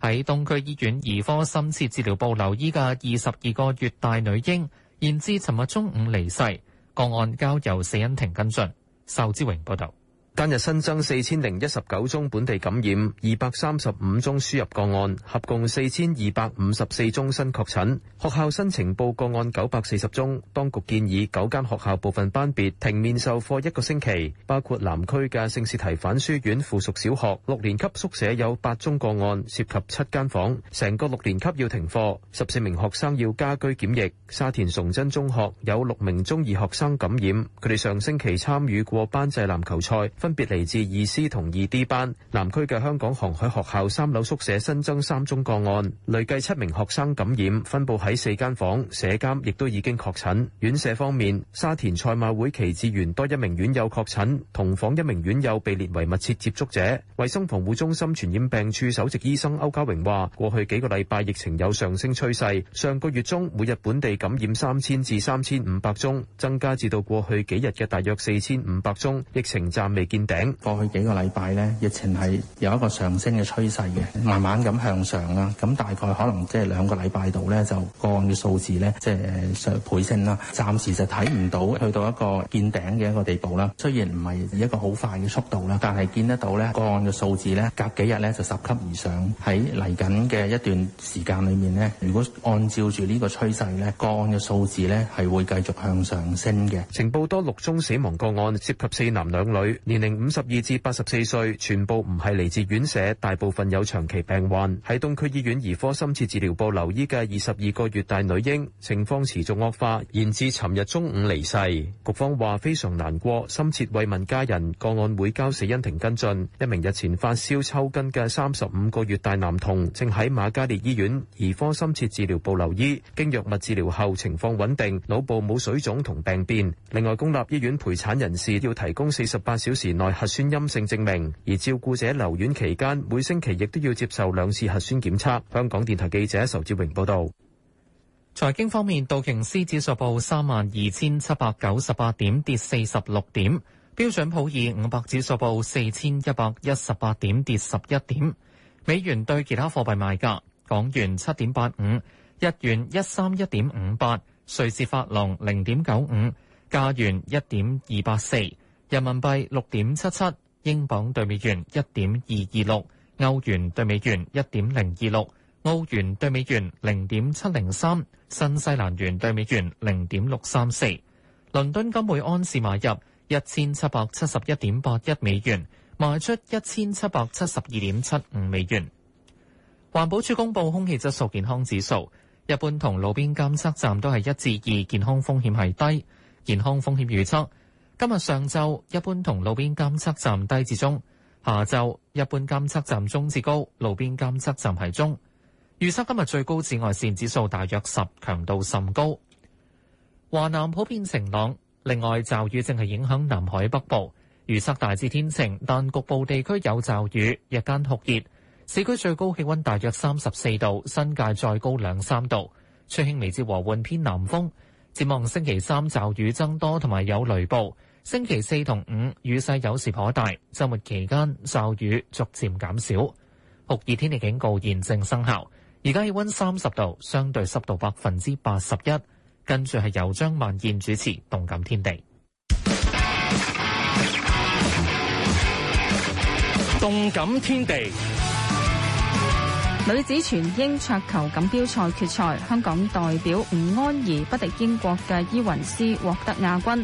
喺東區醫院兒科深切治療部留醫嘅二十二個月大女嬰，現至尋日中午離世，個案交由死因庭跟進。仇志榮報道。
單日新增四千零一十九宗本地感染，二百三十五宗輸入個案，合共四千二百五十四宗新確診。學校申請報個案九百四十宗，當局建議九間學校部分班別停面授課一個星期，包括南區嘅聖士提反書院附屬小學。六年級宿舍有八宗個案，涉及七間房，成個六年級要停課，十四名學生要家居檢疫。沙田崇真中學有六名中二學生感染，佢哋上星期參與過班際籃球賽。分別嚟自二 C 同二 D 班，南區嘅香港航海學校三樓宿舍新增三宗個案，累計七名學生感染，分佈喺四間房，舍監亦都已經確診。院舍方面，沙田賽馬會耆智園多一名院友確診，同房一名院友被列為密切接觸者。衛生防護中心傳染病處首席醫生歐家榮話：過去幾個禮拜疫情有上升趨勢，上個月中每日本地感染三千至三千五百宗，增加至到過去幾日嘅大約四千五百宗，疫情暫未見見頂，過去
幾個禮拜咧，疫情係有一個上升嘅趨勢嘅，慢慢咁向上啦。咁大概可能即係兩個禮拜度咧，就個案嘅數字咧，即係上倍升啦。暫時就睇唔到去到一個見頂嘅一個地步啦。雖然唔係以一個好快嘅速度啦，但係見得到咧個案嘅數字咧，隔幾日咧就拾級而上。喺嚟緊嘅一段時間裏面咧，如果按照住呢個趨勢咧，個案嘅數字咧係會
繼續向上升嘅。情報多六宗死亡個案，涉及四男兩女，年齡。五十二至八十四歲，全部唔係嚟自院舍，大部分有長期病患。喺東區醫院兒科深切治療部留醫嘅二十二個月大女嬰，情況持續惡化，延至尋日中午離世。局方話非常難過，深切慰問家人。個案會交死因庭跟進。一名日前發燒抽筋嘅三十五個月大男童，正喺瑪嘉烈醫院兒科深切治療部留醫，經藥物治療後情況穩定，腦部冇水腫同病變。另外，公立醫院陪產人士要提供四十八小時年內核酸陰性證明，而照顧者留院期間每星期亦都要接受兩次核酸檢測。香港電台記者仇志榮報道。財經方面，道瓊斯指數報三
萬二千七百九十八點，跌四十六點；標準普爾五百指數報四千一百一十八點，跌十一點。美元對其他貨幣賣價：港元七點八五，日元一三一點五八，瑞士法郎零點九五，加元一點二八四。人民幣六點七七，英鎊對美元一點二二六，歐元對美元一點零二六，澳元對美元零點七零三，新西蘭元對美元零點六三四。倫敦金每安士買入一千七百七十一點八一美元，賣出一千七百七十二點七五美元。環保署公布空氣質素健康指數，一般同路邊監測站都係一至二，健康風險係低，健康風險預測。今日上晝一般同路邊監測站低至中，下晝一般監測站中至高，路邊監測站係中。預測今日最高紫外線指數大約十，強度甚高。華南普遍晴朗，另外驟雨正係影響南海北部。預測大致天晴，但局部地區有驟雨，日間酷熱。市區最高氣溫大約三十四度，新界再高兩三度。吹輕微至和緩偏南風。展望星期三驟雨增多，同埋有雷暴。星期四同五，雨勢有時頗大，周末期間驟雨逐漸減少。酷熱天氣警告現正生效。而家氣温三十度，相對濕度百分之八十一。跟住係由張萬燕主持《動感天地》。《動感天地》女子
全英桌球錦標賽決賽，香港代表吳安儀、不敵英國嘅伊雲斯，獲得亞軍。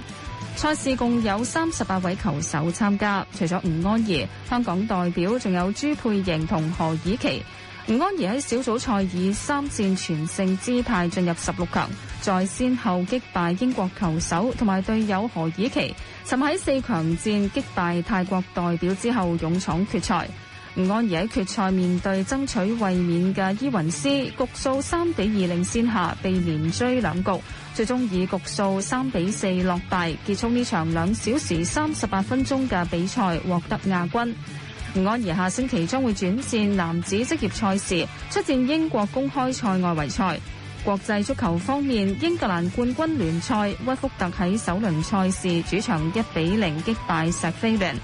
賽事共有三十八位球手參加，除咗吳安儀，香港代表仲有朱佩瑩同何以琪。吳安儀喺小組賽以三戰全勝姿態進入十六強，在先後擊敗英國球手同埋隊友何以琪，尋日喺四強戰擊敗泰國代表之後勇闖決賽。吳安儀喺決賽面對爭取衛冕嘅伊雲斯，局數三比二領先下被連追兩局。最終以局數三比四落敗，結束呢場兩小時三十八分鐘嘅比賽，獲得亞軍。吳安儀下星期將會轉戰男子職業賽事，出戰英國公開賽外圍賽。國際足球方面，英格蘭冠軍聯賽屈福特喺首輪賽事主場一比零擊敗石飛聯，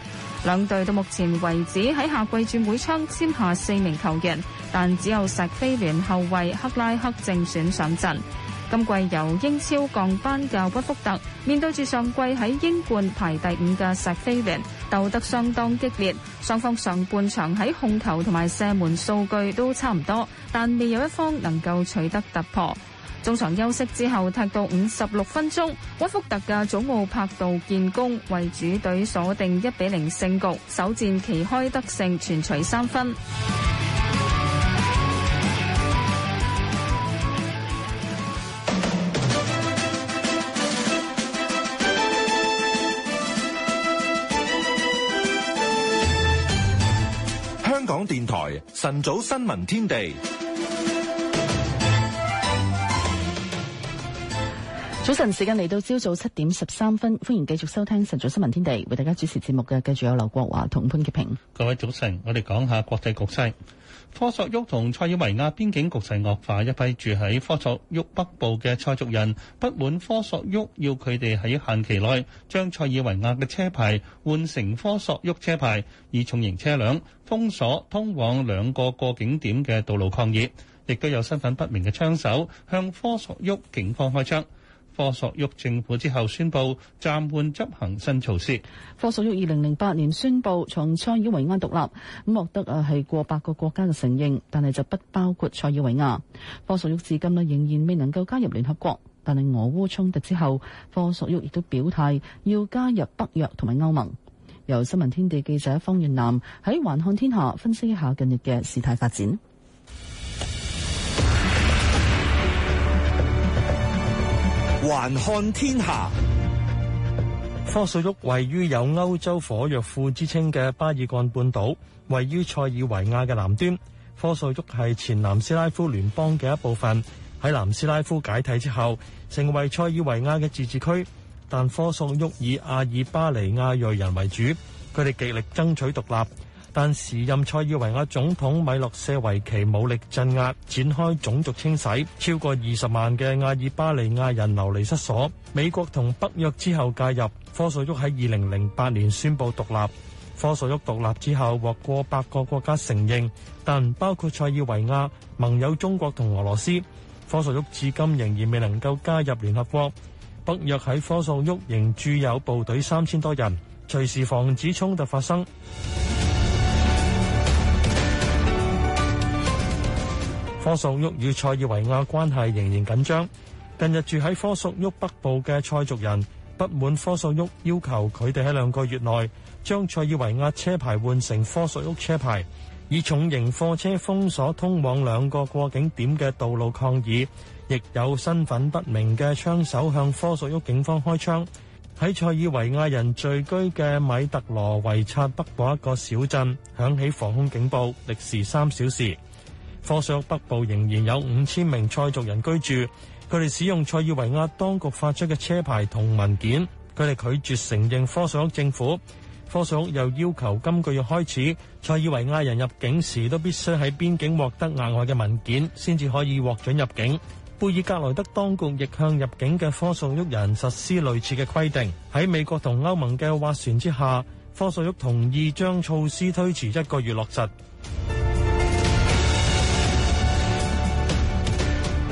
兩隊到目前為止喺夏季轉會窗簽下四名球員，但只有石飛聯後衛克拉克正選上陣。今季由英超降班嘅屈福特，面對住上季喺英冠排第五嘅錫菲聯，鬥得相當激烈。雙方上半場喺控球同埋射門數據都差唔多，但未有一方能夠取得突破。中場休息之後踢到五十六分鐘，屈福特嘅祖奧柏度建功，為主隊鎖定一比零勝局，首戰旗開得勝，全取三分。
晨早新聞天地，
早晨時間嚟到，朝早七點十三分，歡迎繼續收聽晨早新聞天地，為大家主持節目嘅，繼續有劉國華同潘潔平。
各位早晨，我哋講下國際局勢。科索沃同塞爾維亞邊境局勢惡化，一批住喺科索沃北部嘅塞族人不滿科索沃要佢哋喺限期內將塞爾維亞嘅車牌換成科索沃車牌，以重型車輛封鎖通往兩個過境點嘅道路抗議，亦都有身份不明嘅槍手向科索沃警方開槍。科索沃政府之後宣布暫緩執行新措施。
科索沃二零零八年宣布從塞爾維亞獨立，咁獲得啊係過百個國家嘅承認，但係就不包括塞爾維亞。科索沃至今啦仍然未能夠加入聯合國，但係俄烏衝突之後，科索沃亦都表態要加入北約同埋歐盟。由新聞天地記者方遠南喺環看天下分析一下近日嘅事態發展。
環看天下，科索沃位於有歐洲火藥庫之稱嘅巴爾幹半島，位於塞爾維亞嘅南端。科索沃係前南斯拉夫聯邦嘅一部分，喺南斯拉夫解體之後，成為塞爾維亞嘅自治區。但科索沃以阿爾巴尼亞裔人為主，佢哋極力爭取獨立。但時任塞爾維亞總統米洛舍維奇武力鎮壓，展開種族清洗，超過二十萬嘅阿爾巴尼亞人流離失所。美國同北約之後介入，科索沃喺二零零八年宣布獨立。科索沃獨立之後獲過百個國家承認，但包括塞爾維亞盟友中國同俄羅斯。科索沃至今仍然未能夠加入聯合國。北約喺科索沃仍駐有部隊三千多人，隨時防止衝突發生。科索沃與塞爾維亞關係仍然緊張。近日住喺科索沃北部嘅塞族人不滿科索沃要求佢哋喺兩個月內將塞爾維亞車牌換成科索沃車牌，以重型貨車封鎖通往兩個過境點嘅道路抗議。亦有身份不明嘅槍手向科索沃警方開槍。喺塞爾維亞人聚居嘅米特羅維察北部一個小鎮，響起防空警報，歷時三小時。科索沃北部仍然有五千名塞族人居住，佢哋使用塞爾維亞當局發出嘅車牌同文件，佢哋拒絕承認科索沃政府。科索沃又要求今個月開始，塞爾維亞人入境時都必須喺邊境獲得額外嘅文件，先至可以獲准入境。貝爾格萊德當局亦向入境嘅科索沃人實施類似嘅規定。喺美國同歐盟嘅斡旋之下，科索沃同意將措施推遲一個月落實。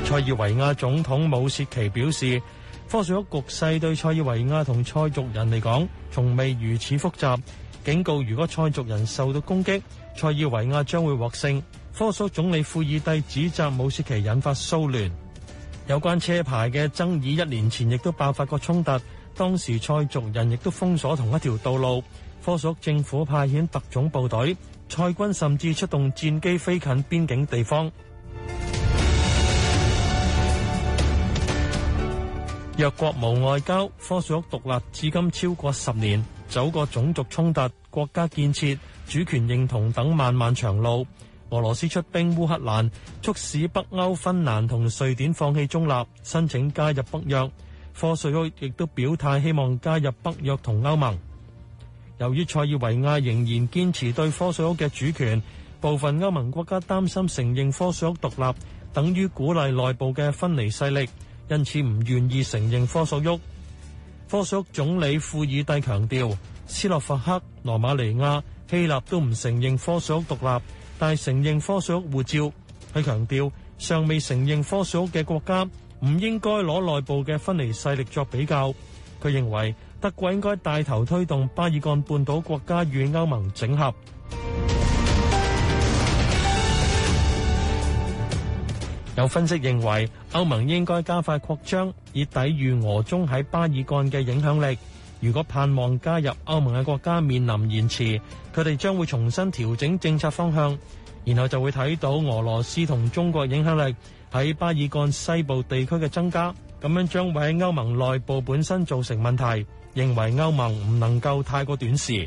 塞爾維亞總統武切奇表示，科索沃局勢對塞爾維亞同塞族人嚟講，從未如此複雜。警告：如果塞族人受到攻擊，塞爾維亞將會獲勝。科索總理庫爾蒂指責武切奇引發騷亂。有關車牌嘅爭議，一年前亦都爆發過衝突，當時塞族人亦都封鎖同一條道路。科索政府派遣特種部隊，塞軍甚至出動戰機飛近邊境地方。若國無外交，科索沃獨立至今超過十年，走過種族衝突、國家建設、主權認同等漫漫長路。俄羅斯出兵烏克蘭，促使北歐芬蘭同瑞典放棄中立，申請加入北約。科索沃亦都表態希望加入北約同歐盟。由於塞爾維亞仍然堅持對科索沃嘅主權，部分歐盟國家擔心承認科索沃獨立，等於鼓勵內部嘅分離勢力。因此唔願意承認科索沃。科索沃總理庫爾蒂強調，斯洛伐克、羅馬尼亞、希臘都唔承認科索沃獨立，但係承認科索沃護照。佢強調，尚未承認科索沃嘅國家唔應該攞內部嘅分離勢力作比較。佢認為德國應該帶頭推動巴爾幹半島國家與歐盟整合。有分析認為，歐盟應該加快擴張，以抵禦俄中喺巴爾幹嘅影響力。如果盼望加入歐盟嘅國家面臨延遲，佢哋將會重新調整政策方向，然後就會睇到俄羅斯同中國影響力喺巴爾幹西部地區嘅增加，咁樣將會喺歐盟內部本身造成問題。認為歐盟唔能夠太過短視。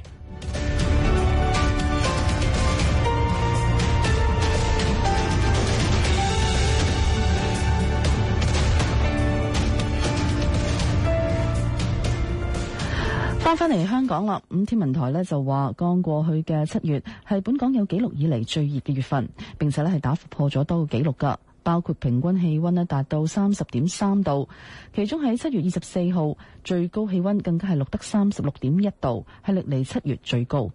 翻嚟香港啦，咁天文台呢就話，剛過去嘅七月係本港有紀錄以嚟最熱嘅月份，並且咧係打破咗多個紀錄噶，包括平均氣溫呢達到三十點三度，其中喺七月二十四號最高氣溫更加係錄得三十六點一度，係歷嚟七月最高。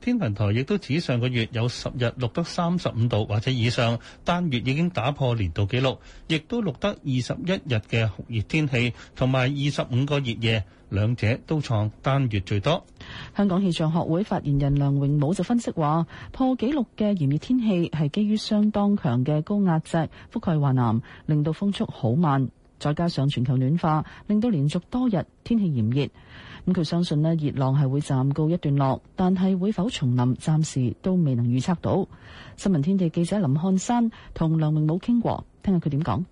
天文台亦都指上個月有十日錄得三十五度或者以上，單月已經打破年度紀錄，亦都錄得二十一日嘅酷熱天氣，同埋二十五個熱夜。兩者都創單月最多。
香港氣象學會發言人梁榮武就分析話：破紀錄嘅炎熱天氣係基於相當強嘅高壓脊覆蓋華南，令到風速好慢，再加上全球暖化，令到連續多日天氣炎熱。咁佢相信呢熱浪係會暫告一段落，但係會否重臨，暫時都未能預測到。新聞天地記者林漢山同梁榮武傾過，聽下佢點講。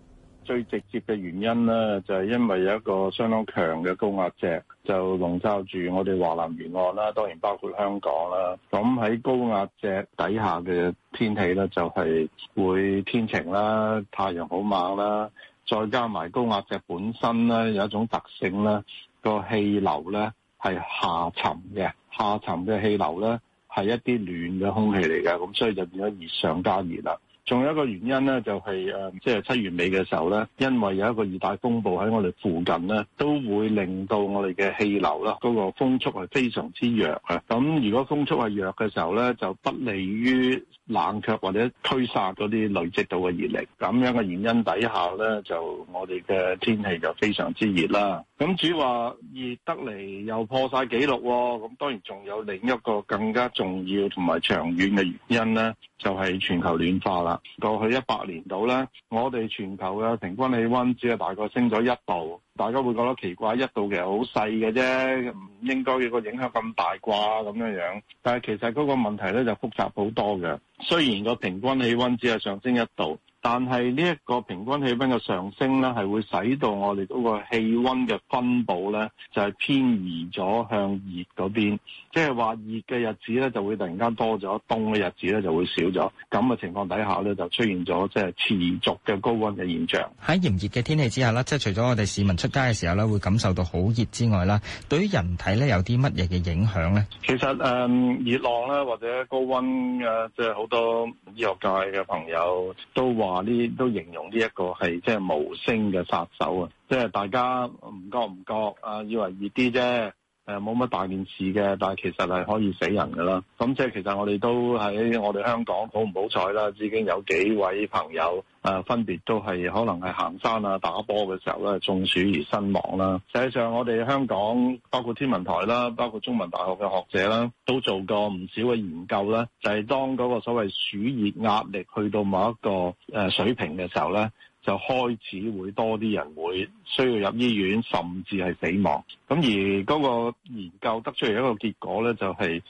最直接嘅原因呢，就係因為有一個相當強嘅高壓脊，就籠罩住我哋華南沿岸啦，當然包括香港啦。咁喺高壓脊底下嘅天氣呢，就係會天晴啦，太陽好猛啦。再加埋高壓脊本身呢，有一種特性呢，個氣流呢係下沉嘅，下沉嘅氣流呢，係一啲暖嘅空氣嚟嘅，咁所以就變咗熱上加熱啦。仲有一個原因呢，就係呃，即係七月尾嘅時候呢，因為有一個熱帶風暴喺我哋附近呢，都會令到我哋嘅氣流啦，嗰個風速係非常之弱嘅。咁如果風速係弱嘅時候呢，就不利於冷卻或者驅散嗰啲累積到嘅熱力。咁樣嘅原因底下呢，就我哋嘅天氣就非常之熱啦。咁只話熱得嚟又破晒紀錄，咁當然仲有另一個更加重要同埋長遠嘅原因呢，就係全球暖化啦。過去一百年度呢，我哋全球嘅平均氣溫只係大概升咗一度，大家會覺得奇怪，一度其實好細嘅啫，唔應該有個影響咁大啩咁樣樣。但係其實嗰個問題呢，就複雜好多嘅，雖然個平均氣溫只係上升一度。但係呢一個平均氣溫嘅上升呢，係會使到我哋嗰個氣溫嘅分佈呢，就係偏移咗向熱嗰邊，即係話熱嘅日子呢，就會突然間多咗，凍嘅日子呢，就會少咗。咁嘅情況底下呢，就出現咗即係持續嘅高溫嘅現象。
喺炎熱嘅天氣之下啦，即係除咗我哋市民出街嘅時候呢，會感受到好熱之外啦，對於人體呢，有啲乜嘢嘅影響呢？
其實誒，熱浪呢，或者高溫嘅，即係好多醫學界嘅朋友都話。話呢都形容呢一個係即係無聲嘅殺手啊！即係大家唔覺唔覺啊，以為熱啲啫。冇乜大件事嘅，但係其實係可以死人㗎啦。咁即係其實我哋都喺我哋香港好唔好彩啦，已經有幾位朋友啊、呃、分別都係可能係行山啊、打波嘅時候咧中暑而身亡啦。實際上我哋香港包括天文台啦，包括中文大學嘅學者啦，都做過唔少嘅研究啦，就係、是、當嗰個所謂暑熱壓力去到某一個誒水平嘅時候咧。就開始會多啲人會需要入醫院，甚至係死亡。咁而嗰個研究得出嚟一個結果呢，就係、是、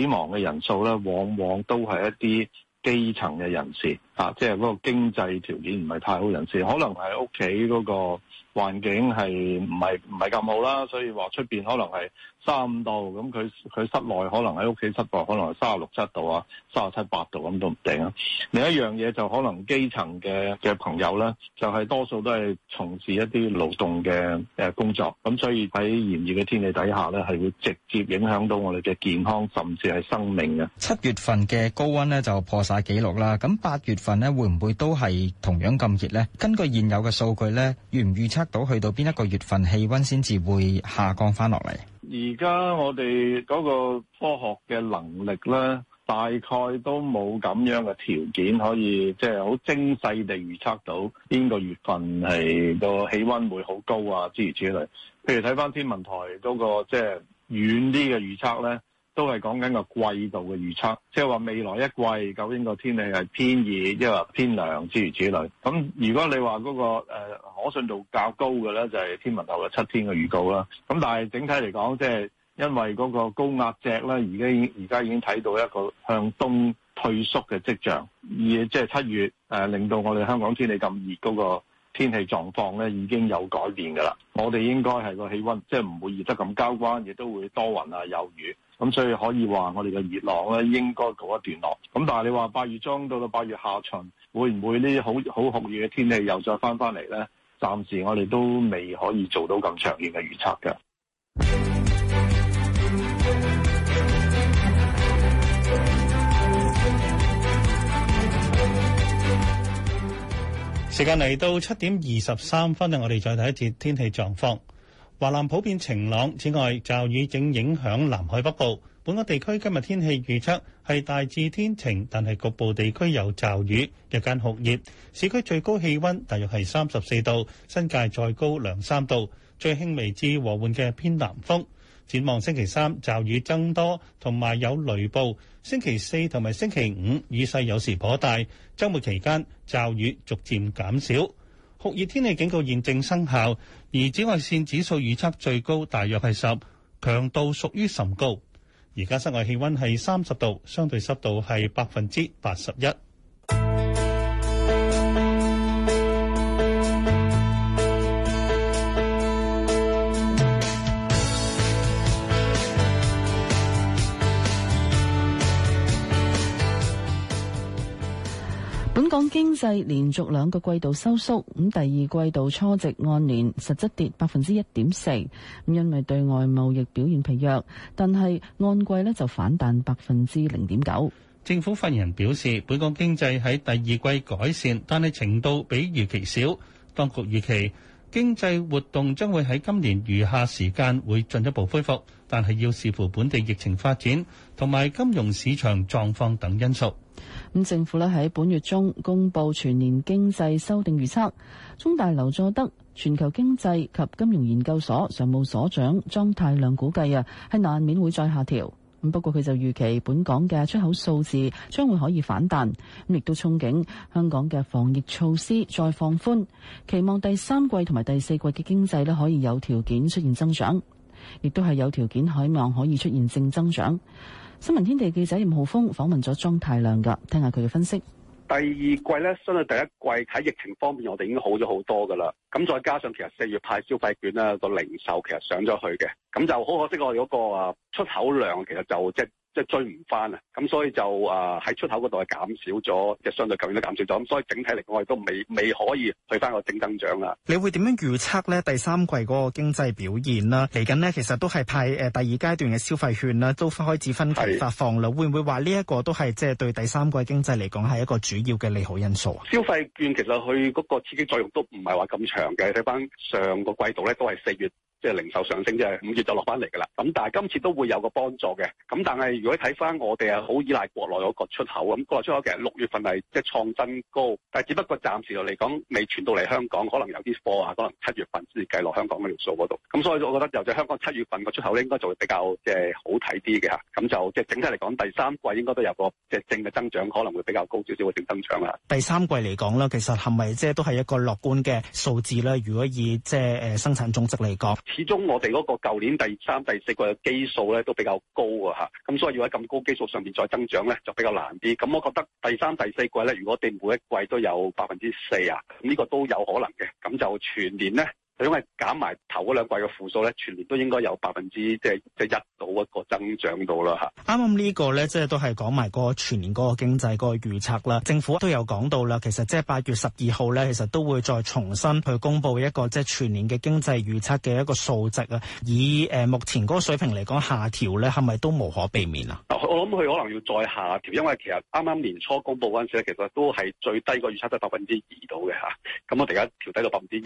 死亡嘅人數呢，往往都係一啲基層嘅人士啊，即係嗰個經濟條件唔係太好人士，可能係屋企嗰個環境係唔係唔係咁好啦，所以話出邊可能係。三十五度，咁佢佢室內可能喺屋企室內可能三十六七度啊，三十七八度咁都唔定啊。另一樣嘢就可能基層嘅嘅朋友呢，就係、是、多數都係從事一啲勞動嘅誒工作，咁所以喺炎熱嘅天氣底下呢，係會直接影響到我哋嘅健康，甚至係生命
啊。七月份嘅高溫呢，就破晒紀錄啦，咁八月份呢，會唔會都係同樣咁熱呢？根據現有嘅數據呢，預唔預測到去到邊一個月份氣溫先至會下降翻落嚟？
而家我哋嗰個科學嘅能力咧，大概都冇咁樣嘅條件可以，即係好精細地預測到邊個月份係個氣温會好高啊，諸如此類。譬如睇翻天文台嗰個即係遠啲嘅預測咧。都係講緊個季度嘅預測，即係話未來一季究竟個天氣係偏熱，抑或偏涼諸如此類。咁如果你話嗰、那個誒、呃、可信度較高嘅咧，就係、是、天文台嘅七天嘅預告啦。咁但係整體嚟講，即、就、係、是、因為嗰個高壓脊咧，已而家已經睇到一個向東退縮嘅跡象，而即係七月誒、呃、令到我哋香港天氣咁熱嗰、那個天氣狀況咧，已經有改變噶啦。我哋應該係個氣溫即係唔會熱得咁交關，亦都會多雲啊，有雨。咁所以可以話我哋嘅熱浪咧，應該告一段落。咁但係你話八月中到到八月下旬會唔會呢啲好好酷熱嘅天氣又再翻翻嚟咧？暫時我哋都未可以做到咁長遠嘅預測
嘅。
時間嚟到七點二十三分，我哋再睇一節天氣狀況。華南普遍晴朗，此外驟雨正影響南海北部。本港地區今日天氣預測係大致天晴，但係局部地區有驟雨。日間酷熱，市區最高氣溫大約係三十四度，新界再高兩三度。最輕微至和緩嘅偏南風。展望星期三驟雨增多，同埋有雷暴。星期四同埋星期五雨勢有時頗大。周末期間驟雨逐漸減少。酷熱天氣警告現正生效。而紫外線指數預測最高，大約係十，強度屬於甚高。而家室外氣溫係三十度，相對濕度係百分之八十一。
本港經濟連續兩個季度收縮，咁第二季度初值按年實質跌百分之一點四，咁因為對外貿易表現疲弱，但係按季呢就反彈百分之零點九。
政府發言人表示，本港經濟喺第二季改善，但係程度比預期少。當局預期經濟活動將會喺今年餘下時間會進一步恢復，但係要視乎本地疫情發展同埋金融市場狀況等因素。
咁政府咧，喺本月中公布全年經濟修訂預測，中大劉佐德全球經濟及金融研究所常務所長莊太量估計啊，係難免會再下調，咁不過，佢就預期本港嘅出口數字將會可以反彈，咁亦都憧憬香港嘅防疫措施再放寬，期望第三季同埋第四季嘅經濟咧，可以有條件出現增長，亦都係有條件希望可以出現正增長。新聞天地記者葉浩峰訪問咗莊太亮噶，聽下佢嘅分析。
第二季咧相對第一季喺疫情方面，我哋已經好咗好多噶啦。咁再加上其實四月派消費券咧個零售其實上咗去嘅，咁就好可惜我哋嗰個啊出口量其實就即。就係即係追唔翻啊，咁所以就誒喺、呃、出口嗰度係減少咗，即係相對舊年都減少咗，咁所以整體嚟講，我哋都未未可以去翻個正增長啦。
你會點樣預測咧？第三季嗰個經濟表現啦，嚟緊咧其實都係派誒第二階段嘅消費券啦，都開始分期發放啦。是會唔會話呢一個都係即係對第三季經濟嚟講，係一個主要嘅利好因素
啊？消費券其實佢嗰個刺激作用都唔係話咁長嘅，睇翻上個季度咧都係四月。即係零售上升，即係五月就落翻嚟㗎啦。咁但係今次都會有個幫助嘅。咁但係如果睇翻我哋係好依賴國內嗰個出口，咁國內出口其實六月份係即係創新高，但係只不過暫時嚟講未傳到嚟香港，可能有啲貨啊，可能七月份先至計落香港嗰條數嗰度。咁所以我覺得，尤其香港七月份個出口咧，應該就會比較即係好睇啲嘅嚇。咁就即係整體嚟講，第三季應該都有個即係正嘅增長，可能會比較高少少嘅正增長啦。
第三季嚟講啦，其實係咪即係都係一個樂觀嘅數字咧？如果以即係誒生產總值嚟講。
始終我哋嗰個舊年第三、第四季嘅基數咧都比較高啊，嚇、嗯！咁所以要喺咁高基數上邊再增長咧就比較難啲。咁、嗯、我覺得第三、第四季咧，如果我哋每一季都有百分之四啊，呢、嗯這個都有可能嘅。咁、嗯、就全年咧。因為減埋頭嗰兩季嘅負數咧，全年都應該有百分之即係即係一到一個增長到啦吓。
啱啱呢個咧，即係都係講埋個全年個經濟個預測啦。政府都有講到啦，其實即係八月十二號咧，其實都會再重新去公布一個即係全年嘅經濟預測嘅一個數值啊。以誒目前嗰個水平嚟講，下調咧係咪都無可避免啊？
我諗佢可能要再下調，因為其實啱啱年初公布嗰陣時咧，其實都係最低個預測都係百分之二到嘅吓。咁我而家調低到百分之一一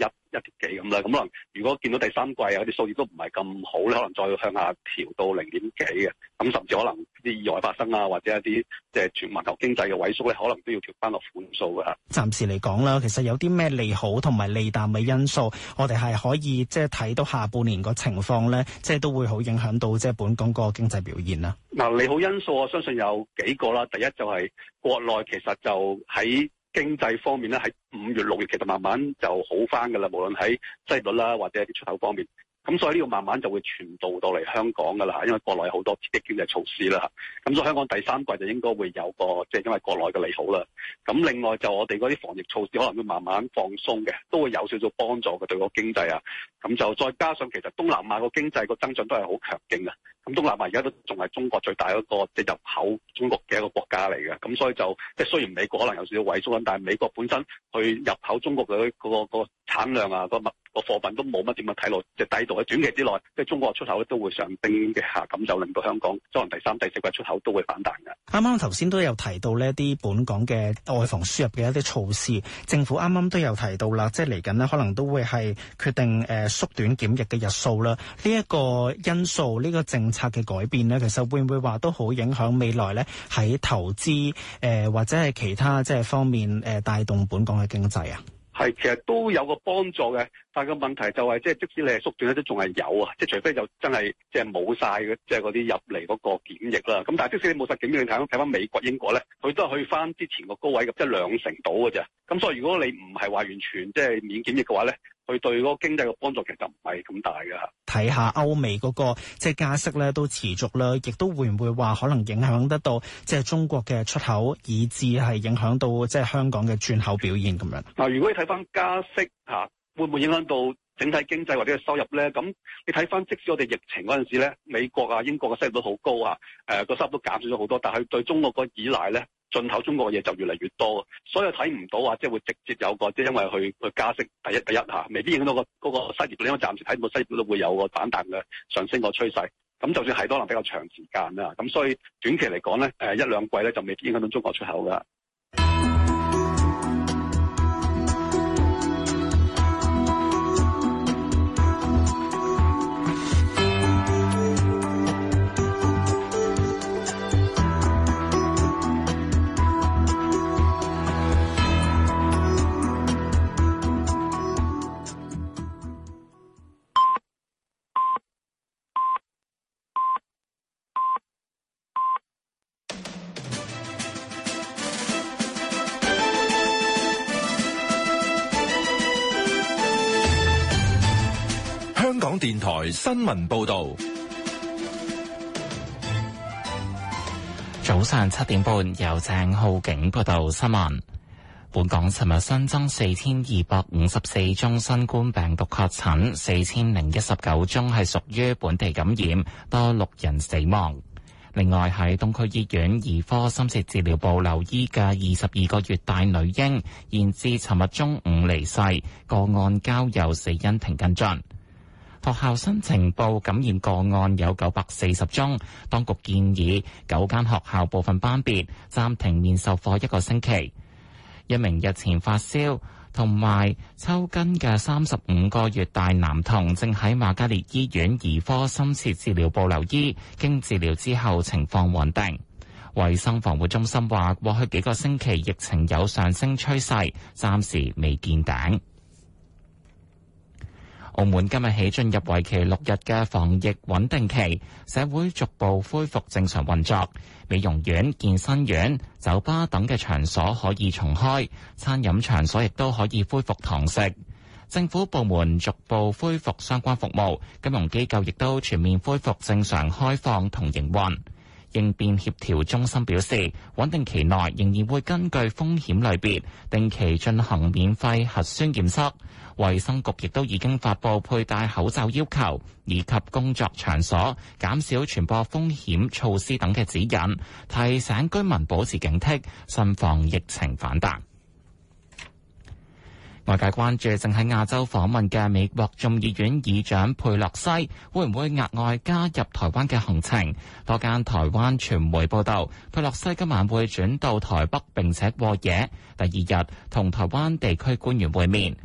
幾咁啦。咁可能如果見到第三季啊啲數字都唔係咁好咧，可能再向下調到零點幾嘅，咁甚至可能啲意外發生啊，或者一啲即係全球經濟嘅萎縮咧，可能都要調翻落負數嘅嚇。
暫時嚟講啦，其實有啲咩利好同埋利淡嘅因素，我哋係可以即係睇到下半年個情況咧，即係都會好影響到即係本港個經濟表現啦。
嗱，利好因素我相信有幾個啦，第一就係國內其實就喺經濟方面咧，喺五月六月其實慢慢就好返㗎喇，無論喺利率啦或者啲出口方面。咁所以呢個慢慢就會傳導到嚟香港嘅啦，因為國內好多刺激經濟措施啦。咁所以香港第三季就應該會有個即係、就是、因為國內嘅利好啦。咁另外就我哋嗰啲防疫措施可能會慢慢放鬆嘅，都會有少少幫助嘅對個經濟啊。咁就再加上其實東南亞個經濟個增長都係好強勁啊。咁東南亞而家都仲係中國最大一個即係入口中國嘅一個國家嚟嘅，咁所以就即係雖然美國可能有少少萎縮緊，但係美國本身去入口中國嘅嗰、嗰個、嗰個產量啊、個、那、物個貨品都冇乜點樣睇落即係低到，喺、就係、短期之內即係中國嘅出口都會上升嘅嚇，咁就令到香港可能第三、第四季出口都會反彈嘅。
啱啱頭先都有提到呢一啲本港嘅外防輸入嘅一啲措施，政府啱啱都有提到啦，即係嚟緊呢，可能都會係決定誒、呃、縮短檢疫嘅日數啦。呢、這、一個因素，呢、這個政策嘅改變咧，其實會唔會話都好影響未來咧？喺投資誒或者係其他即係方面誒，帶動本港嘅經濟啊？
係，其實都有個幫助嘅，但係個問題就係即係即使你係縮短，都仲係有啊，即係除非就真係即係冇晒嘅，即係嗰啲入嚟嗰個檢疫啦。咁但係即使你冇晒檢疫，你睇翻睇翻美國、英國咧，佢都係去翻之前個高位嘅，即係兩成到嘅啫。咁所以如果你唔係話完全即係免檢疫嘅話咧。佢對嗰個經濟嘅幫助其實唔係咁大㗎。
睇下歐美嗰、那個即係、就是、加息咧，都持續啦，亦都會唔會話可能影響得到即係中國嘅出口，以至係影響到即係香港嘅轉口表現咁樣。
嗱，如
果你睇翻加息吓、啊，會唔會影響到整體經濟或者收入咧？咁你睇翻即使我哋疫情嗰陣時咧，美國啊、英國嘅收入都好高啊，誒個收入都減少咗好多，但係對中國個依賴咧。進口中國嘅嘢，就越嚟越多，所以睇唔到話即係會直接有個即係因為去去加息第一第一吓，未必影響到個嗰個失業。你可暫時睇唔到失業都會有個反彈嘅上升個趨勢。咁就算係可能比較長時間啦，咁所以短期嚟講咧，誒一兩季咧就未必影響到中國出口噶。
香港電台新
聞報道，早上七點半由鄭浩景報道新聞。本港尋日新增四千二百五十四宗新冠病毒確診，四千零一十九宗係屬於本地感染，多六人死亡。另外，喺東區醫院兒科深切治療部留醫嘅二十二個月大女嬰，現至尋日中午離世，個案交由死因庭跟進。學校申報感染個案有九百四十宗，當局建議九間學校部分班別暫停面授課一個星期。一名日前發燒同埋抽筋嘅三十五個月大男童，正喺瑪嘉烈醫院兒科深切治療部留醫，經治療之後情況穩定。衛生防護中心話，過去幾個星期疫情有上升趨勢，暫時未見頂。澳門今日起進入為期六日嘅防疫穩定期，社會逐步恢復正常運作。美容院、健身院、酒吧等嘅場所可以重開，餐飲場所亦都可以恢復堂食。政府部門逐步恢復相關服務，金融機構亦都全面恢復正常開放同營運。應變協調中心表示，穩定期內仍然會根據風險類別定期進行免費核酸檢測。衛生局亦都已經發布佩戴口罩要求，以及工作場所減少傳播風險措施等嘅指引，提醒居民保持警惕，慎防疫情反彈。外界關注正喺亞洲訪問嘅美國眾議院議長佩洛西會唔會額外加入台灣嘅行程。多間台灣傳媒報道，佩洛西今晚會轉到台北並且過夜，第二日同台灣地區官員會面。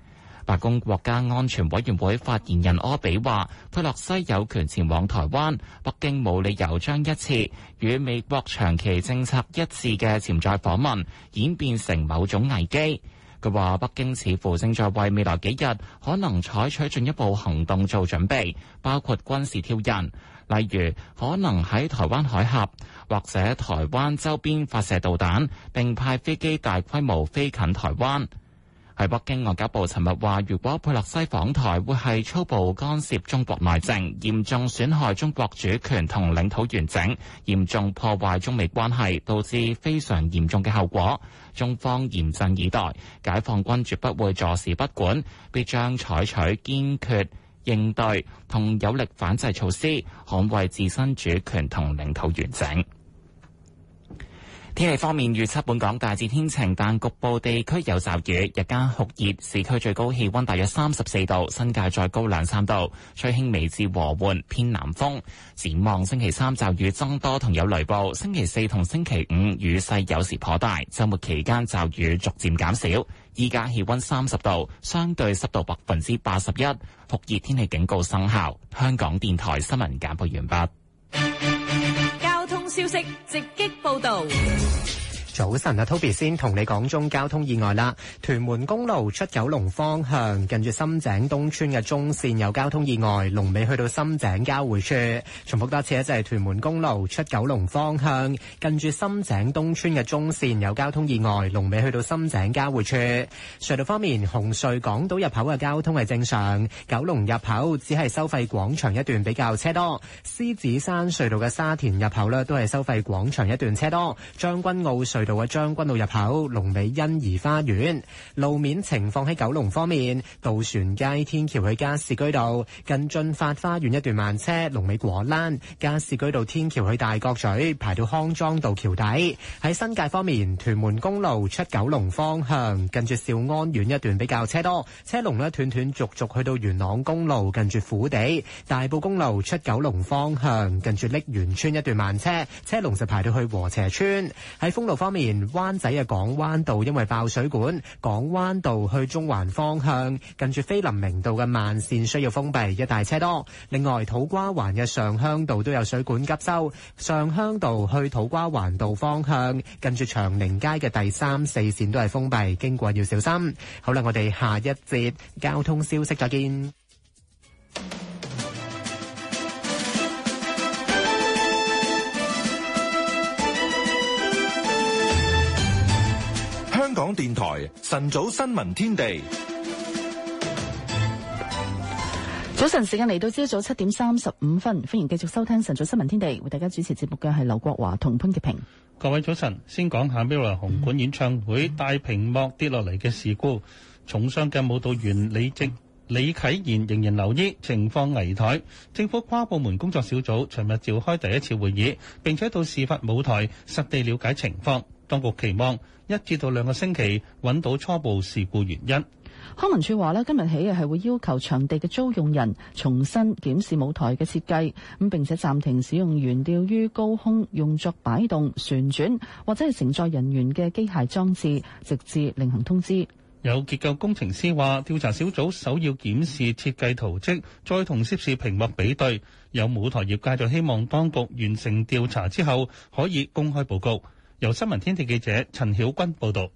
白宮國家安全委員會發言人柯比話，佩洛西有權前往台灣，北京冇理由將一次與美國長期政策一致嘅潛在訪問演變成某種危機。佢話，北京似乎正在為未來幾日可能採取進一步行動做準備，包括軍事挑釁，例如可能喺台灣海峽或者台灣周邊發射導彈，並派飛機大規模飛近台灣。喺北京外交部尋日話，如果佩洛西訪台，會係粗暴干涉中國內政，嚴重損害中國主權同領土完整，嚴重破壞中美關係，導致非常嚴重嘅後果。中方嚴陣以待，解放軍絕不會坐視不管，必將採取堅決應對同有力反制措施，捍衛自身主權同領土完整。天氣方面預測，本港大致天晴，但局部地區有驟雨。日間酷熱，市區最高氣溫大約三十四度，新界再高兩三度。吹輕微至和緩偏南風。展望星期三驟雨增多同有雷暴，星期四同星期五雨勢有時頗大。周末期間驟雨逐漸減少。依家氣溫三十度，相對濕度百分之八十一，酷熱天氣警告生效。香港電
台新聞簡報完畢。
消息直擊報導。
早晨啊，Toby 先同你講中交通意外啦。屯門公路出九龍方向，近住深井東村嘅中線有交通意外，龍尾去到深井交匯處。重複多一次咧，就係屯門公路出九龍方向，近住深井東村嘅中線有交通意外，龍尾去到深井交匯處。隧道方面，紅隧港島入口嘅交通係正常，九龍入口只係收費廣場一段比較車多。獅子山隧道嘅沙田入口咧，都係收費廣場一段車多。將軍澳隧去到將軍路入口，龍尾欣怡花園路面情況喺九龍方面，渡船街天橋去加士居道，近駿發花園一段慢車，龍尾果欄，加士居道天橋去大角咀，排到康莊道橋底。喺新界方面，屯門公路出九龍方向，近住兆安苑一段比較車多，車龍呢，斷斷續續續去到元朗公路，近住虎地大埔公路出九龍方向，近住瀝源村一段慢車，車龍就排到去禾輋邨。喺封路方。而家灣仔嘅港灣道因為爆水管，港灣道去中環方向近住菲林明道嘅慢綫需要封閉，一帶車多。另外，土瓜灣嘅上鄉道都有水管急修，上鄉道去土瓜灣道方向近住長寧街嘅第三四綫都係封閉，經過要小心。好啦，我哋下一節交通消息再見。
香港電台晨早新聞天地，
早晨時間嚟到朝早七點三十五分，歡迎繼續收聽晨早新聞天地，為大家主持節目嘅係劉國華同潘潔平。
各位早晨，先講下 MIRROR 紅館演唱會大屏幕跌落嚟嘅事故，重傷嘅舞蹈員李靜李啟賢仍然留醫，情況危殆。政府跨部門工作小組尋日召開第一次會議，並且到事發舞台實地了解情況。當局期望一至到兩個星期揾到初步事故原因。
康文署話咧，今日起係會要求場地嘅租用人重新檢視舞台嘅設計，咁並且暫停使用懸吊於高空用作擺動、旋轉或者係乘坐人員嘅機械裝置，直至另行通知。
有結構工程師話，調查小組首要檢視設計圖蹟，再同攝氏屏幕比對。有舞台業界就希望當局完成調查之後可以公開報告。由新聞天地記者陳曉君報道，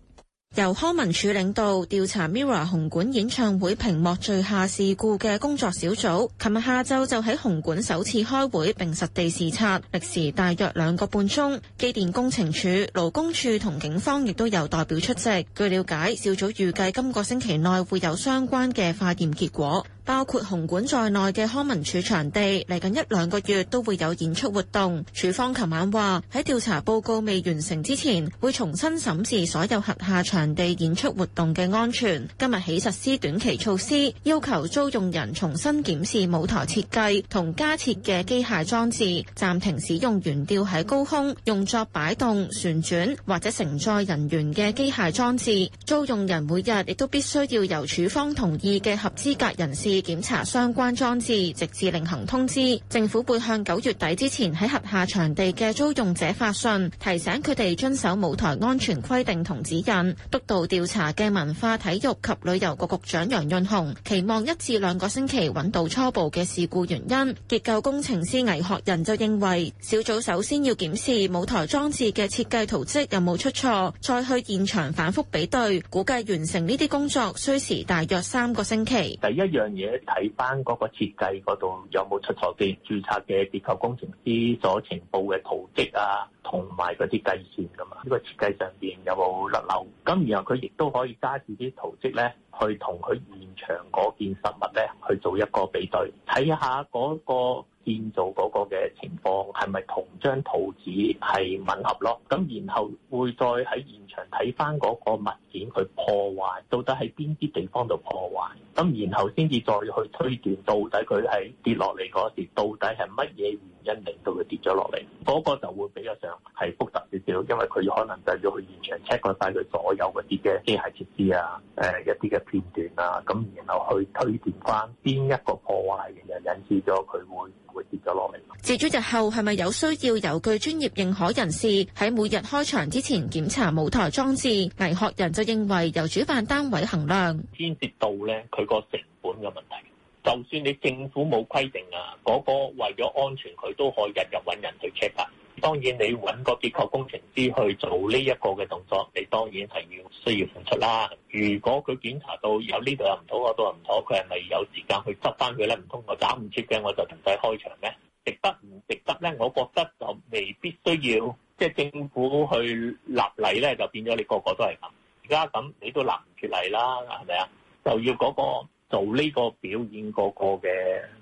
由康文署領導調查 Mirror 紅館演唱會屏幕墜下事故嘅工作小組，琴日下晝就喺紅館首次開會並實地視察，歷時大約兩個半鐘。機電工程署、勞工署同警方亦都有代表出席。據了解，小組預計今個星期內會有相關嘅化驗結果。包括紅館在內嘅康文署場地，嚟緊一兩個月都會有演出活動。署方琴晚話，喺調查報告未完成之前，會重新審視所有轄下場地演出活動嘅安全。今日起實施短期措施，要求租用人重新檢視舞台設計同加設嘅機械裝置，暫停使用懸吊喺高空用作擺動、旋轉或者承載人員嘅機械裝置。租用人每日亦都必須要由署方同意嘅合資格人士檢查相關裝置，直至另行通知。政府會向九月底之前喺轄下場地嘅租用者發信，提醒佢哋遵守舞台安全規定同指引。督導調查嘅文化體育及旅遊局局長楊潤雄期望一至兩個星期搵到初步嘅事故原因。結構工程師倪學仁就認為，小組首先要檢視舞台裝置嘅設計圖紙有冇出錯，再去現場反覆比對。估計完成呢啲工作需時大約三個星期。
第一樣嘢。睇翻嗰個設計嗰度有冇出錯啲註冊嘅結構工程師所呈報嘅圖則啊，同埋嗰啲計算咁啊，呢個設計上邊有冇甩漏？咁然後佢亦都可以揸住啲圖則咧，去同佢現場嗰件實物咧去做一個比對，睇下嗰個。建造嗰個嘅情況，係咪同張圖紙係吻合咯？咁然後會再喺現場睇翻嗰個物件，佢破壞，到底喺邊啲地方度破壞，咁然後先至再去推斷到底佢係跌落嚟嗰時，到底係乜嘢？一零到佢跌咗落嚟，嗰、那個就會比較上係複雜啲少，因為佢可能就要去現場 check 過晒佢所有嗰啲嘅機械設施啊，誒、呃、一啲嘅片段啊，咁然後去推斷翻邊一個破壞嘅嘢引致咗佢會會跌咗落嚟。
接住日後，係咪有需要有具專業認可人士喺每日開場之前檢查舞台裝置？藝學人就認為由主辦單位衡量
牽涉到咧，佢個成本嘅問題。就算你政府冇規定啊，嗰個為咗安全，佢都可以日日揾人去 check 㗎。當然你揾個結構工程師去做呢一個嘅動作，你當然係要需要付出啦。如果佢檢查到有呢度又唔妥，嗰度又唔妥，佢係咪有時間去執翻佢咧？唔通我打唔切嘅我就唔使開場咩？值得唔值得咧？我覺得就未必需要，即係政府去立例咧，就變咗你個個都係咁。而家咁你都立唔切例啦，係咪啊？就要嗰個。做呢個表演嗰個嘅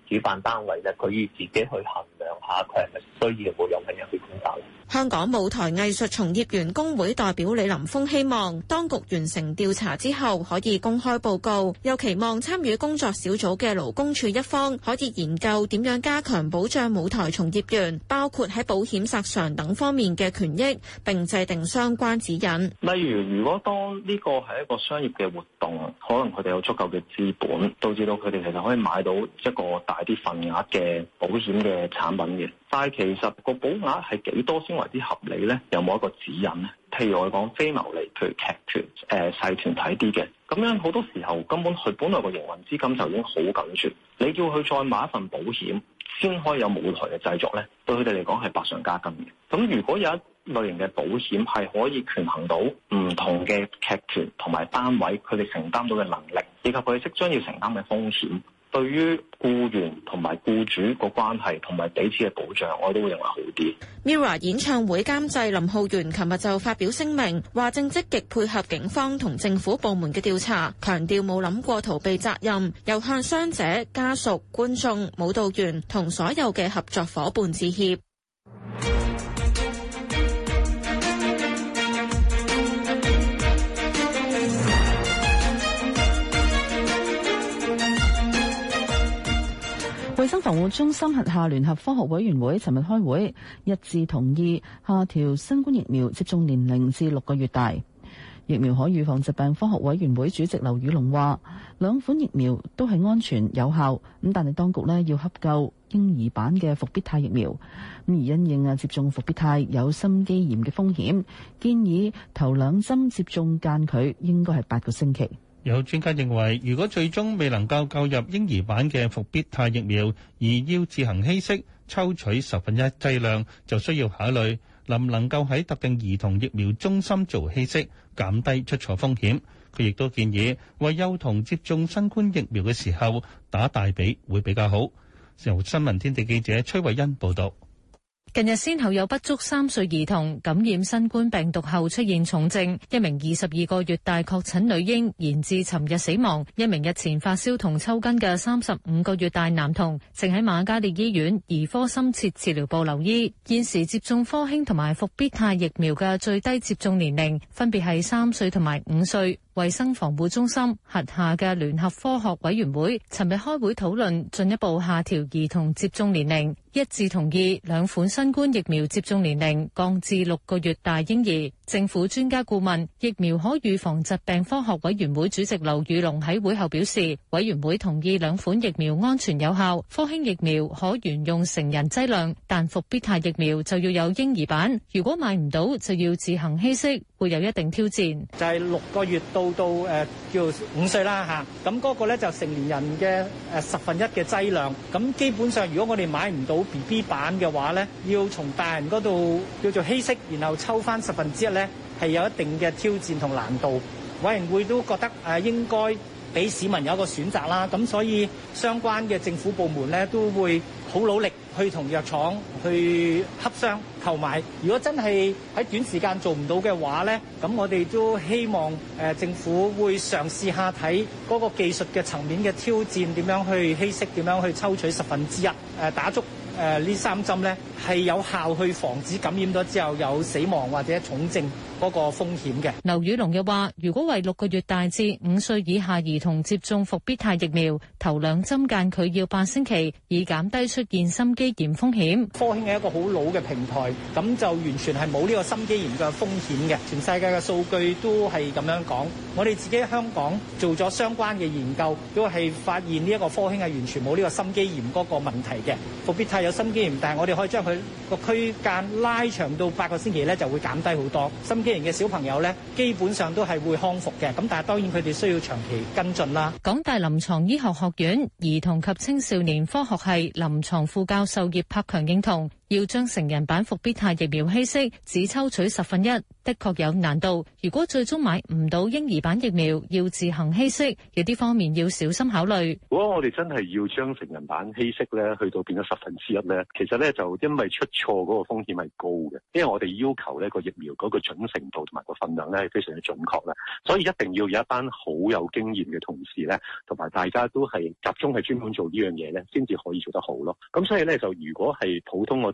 主辦單位咧，佢要自己去衡量下佢係咪需要冇用緊人去選擇。
香港舞台藝術從業員工會代表李林峰希望當局完成調查之後可以公開報告，又期望參與工作小組嘅勞工處一方可以研究點樣加強保障舞台從業員，包括喺保險索償等方面嘅權益，並制定相關指引。
例如，如果當呢個係一個商業嘅活動，可能佢哋有足夠嘅資本，導致到佢哋其實可以買到一個大啲份額嘅保險嘅產品嘅。但係其實個保額係幾多先為之合理咧？有冇一個指引咧？譬如我講非牟利，譬如劇團、誒、呃、細團體啲嘅，咁樣好多時候根本佢本來個營運資金就已經好緊缺，你叫佢再買一份保險先可以有舞台嘅製作咧，對佢哋嚟講係百上加金嘅。咁如果有一類型嘅保險係可以權衡到唔同嘅劇團同埋單位，佢哋承擔到嘅能力，以及佢哋即將要承擔嘅風險。對於僱員同埋僱主個關係同埋彼此嘅保障，我都會認為好啲。
Mira 演唱會監製林浩源琴日就發表聲明，話正積極配合警方同政府部門嘅調查，強調冇諗過逃避責任，又向傷者、家屬、觀眾、舞蹈員同所有嘅合作伙伴致歉。
中心轄下聯合科學委員會尋日開會一致同意下調新冠疫苗接種年齡至六個月大。疫苗可預防疾病科學委員會主席劉宇龍話，兩款疫苗都係安全有效，咁但係當局咧，要洽購嬰兒版嘅復必泰疫苗。咁而因應啊，接種復必泰有心肌炎嘅風險，建議頭兩針接種間距應該係八個星期。
有專家認為，如果最終未能夠購入嬰兒版嘅復必泰疫苗，而要自行稀釋、抽取十分一劑量，就需要考慮能唔能夠喺特定兒童疫苗中心做稀釋，減低出錯風險。佢亦都建議，為幼童接種新冠疫苗嘅時候打大髀會比較好。由新聞天地記者崔慧欣報道。
近日先後有不足三歲兒童感染新冠病毒後出現重症，一名二十二個月大確診女嬰，延至尋日死亡；一名日前發燒同抽筋嘅三十五個月大男童，正喺瑪嘉烈醫院兒科深切治療部留醫。現時接種科興同埋復必泰疫苗嘅最低接種年齡，分別係三歲同埋五歲。衛生防護中心轄下嘅聯合科學委員會尋日開會討論進一步下調兒童接種年齡，一致同意兩款新冠疫苗接種年齡降至六個月大嬰兒。政府專家顧問疫苗可預防疾病科學委員會主席劉宇龍喺會後表示，委員會同意兩款疫苗安全有效，科興疫苗可沿用成人劑量，但復必泰疫苗就要有嬰兒版，如果買唔到就要自行
稀釋。會有一定挑戰，就係六個月到到誒叫五歲啦吓，咁嗰個咧就成年人嘅誒十分一嘅劑量，咁基本上如果我哋買唔到 BB 版嘅話咧，要從大人嗰度叫做稀釋，然後抽翻十分之一咧，係有一定嘅挑戰同難度。委員會都覺得誒應該俾市民有一個選擇啦，咁所以相關嘅政府部門咧都會好努力。去同藥廠去洽商購買。如果真係喺短時間做唔到嘅話咧，咁我哋都希望誒政府會嘗試下睇嗰個技術嘅層面嘅挑戰，點樣去稀釋，點樣去抽取十分之一誒打足誒呢三針咧，係有效去防止感染咗之後有死亡或者重症嗰個風險嘅。
劉宇龍又話，如果為六個月大至五歲以下兒童接種復必泰疫苗，頭兩針間佢間距要八星期，以減低出現心肌炎
風險。科興係一個好老嘅平台，咁就完全係冇呢個心肌炎嘅風險嘅。全世界嘅數據都係咁樣講，我哋自己香港做咗相關嘅研究，都係發現呢一個科興係完全冇呢個心肌炎嗰個問題嘅。復必泰有心肌炎，但係我哋可以將佢個區間拉長到八個星期咧，就會減低好多心。啲人嘅小朋友咧，基本上都係會康復嘅，咁但係當然佢哋需要長期跟進啦。
港大臨床醫學學院兒童及青少年科學系臨床副教授葉柏強認同。要將成人版復必泰疫苗稀釋，只抽取十分一，的確有難度。如果最終買唔到嬰兒版疫苗，要自行稀釋，有啲方面要小心考慮。
如果我哋真係要將成人版稀釋咧，去到變咗十分之一咧，其實咧就因為出錯嗰個風險係高嘅，因為我哋要求呢個疫苗嗰個準成度同埋個分量咧係非常之準確啦，所以一定要有一班好有經驗嘅同事咧，同埋大家都係集中喺專門做呢樣嘢咧，先至可以做得好咯。咁所以咧就如果係普通我。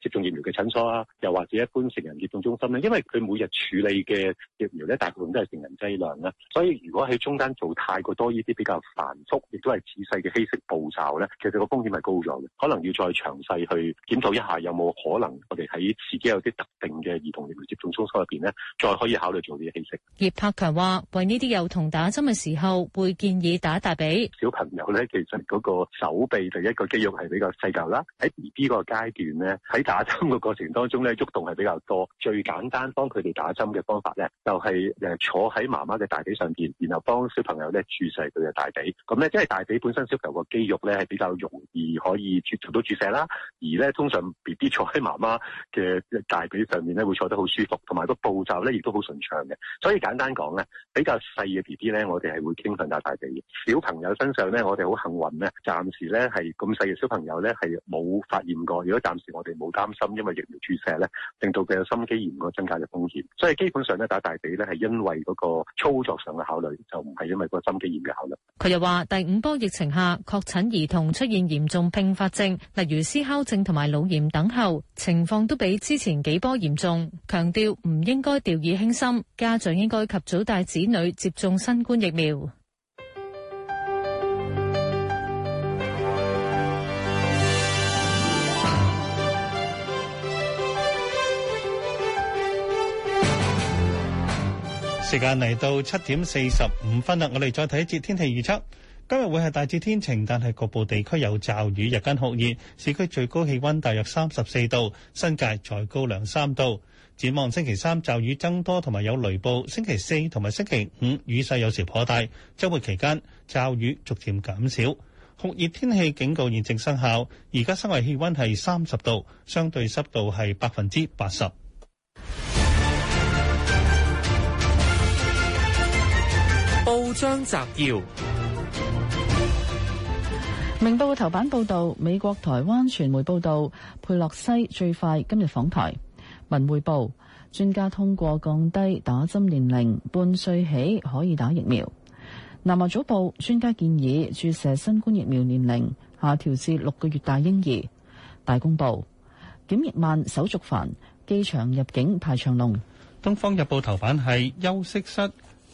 接種疫苗嘅診所啊，又或者一般成人接種中心咧，因為佢每日處理嘅疫苗咧，大部分都係成人劑量啦，所以如果喺中間做太過多呢啲比較繁複，亦都係仔細嘅稀釋步驟咧，其實個風險係高咗嘅，可能要再詳細去檢討一下，有冇可能我哋喺自己有啲特定嘅兒童疫苗接種中心入邊咧，再可以考慮做啲稀釋。
葉柏強話：為呢啲幼童打針嘅時候，會建議打大髀。
小朋友咧，其實嗰個手臂第一個肌肉係比較細嚿啦，喺 B B 個階段咧，喺打針嘅過程當中咧，喐動係比較多。最簡單幫佢哋打針嘅方法咧，就係、是、誒坐喺媽媽嘅大肶上邊，然後幫小朋友咧注射佢嘅大肶。咁咧，即係大肶本身小朋友個肌肉咧係比較容易可以做到注射啦。而咧，通常 B B 坐喺媽媽嘅大肶上面咧，會坐得好舒服，同埋個步驟咧亦都好順暢嘅。所以簡單講咧，比較細嘅 B B 咧，我哋係會傾向打大肶。小朋友身上咧，我哋好幸運咧，暫時咧係咁細嘅小朋友咧係冇發現過。如果暫時我哋冇擔心，因為疫苗注射咧，令到佢有心肌炎個增加嘅風險，所以基本上咧，打大髀咧係因為嗰個操作上嘅考慮，就唔係因為個心肌炎嘅考慮。
佢又話：第五波疫情下，確診兒童出現嚴重併發症，例如思考症同埋腦炎等候，情況都比之前幾波嚴重。強調唔應該掉以輕心，家長應該及早帶子女接種新冠疫苗。
時間嚟到七點四十五分啦，我哋再睇一節天氣預測。今日會係大致天晴，但係局部地區有驟雨，日間酷熱，市區最高氣溫大約三十四度，新界再高兩三度。展望星期三驟雨增多同埋有雷暴，星期四同埋星期五雨勢有時頗大，周末期間驟雨逐漸減少，酷熱天氣警告現正生效。而家室外氣溫係三十度，相對濕度係百分之八十。張澤堯，
明報頭版報道美國台灣傳媒報道，佩洛西最快今日訪台。文匯報專家通過降低打針年齡，半歲起可以打疫苗。南華早報專家建議注射新冠疫苗年齡下調至六個月大嬰兒。大公報檢疫慢，手續繁，機場入境排長龍。東
方日報頭版係休息室。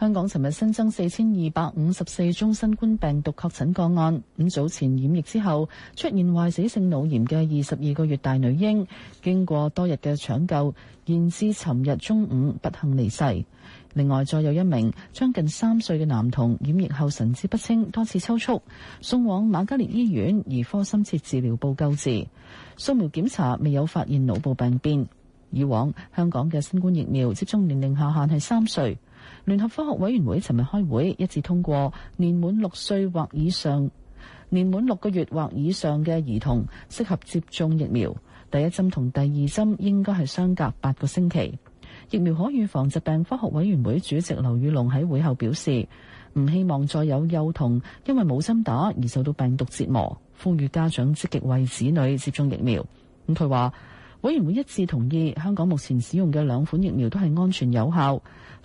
香港尋日新增四千二百五十四宗新冠病毒確診個案。咁早前染疫之後出現壞死性腦炎嘅二十二個月大女嬰，經過多日嘅搶救，現至尋日中午不幸離世。另外，再有一名將近三歲嘅男童染疫後神志不清，多次抽搐，送往瑪嘉烈醫院兒科深切治療部救治。掃描檢查未有發現腦部病變。以往香港嘅新冠疫苗接種年齡下限係三歲。聯合科學委員會尋日開會，一致通過年滿六歲或以上、年滿六個月或以上嘅兒童適合接種疫苗，第一針同第二針應該係相隔八個星期。疫苗可預防疾病科學委員會主席劉宇龍喺會後表示，唔希望再有幼童因為冇針打而受到病毒折磨，呼籲家長積極為子女接種疫苗。咁佢話。委員會一致同意，香港目前使用嘅兩款疫苗都係安全有效。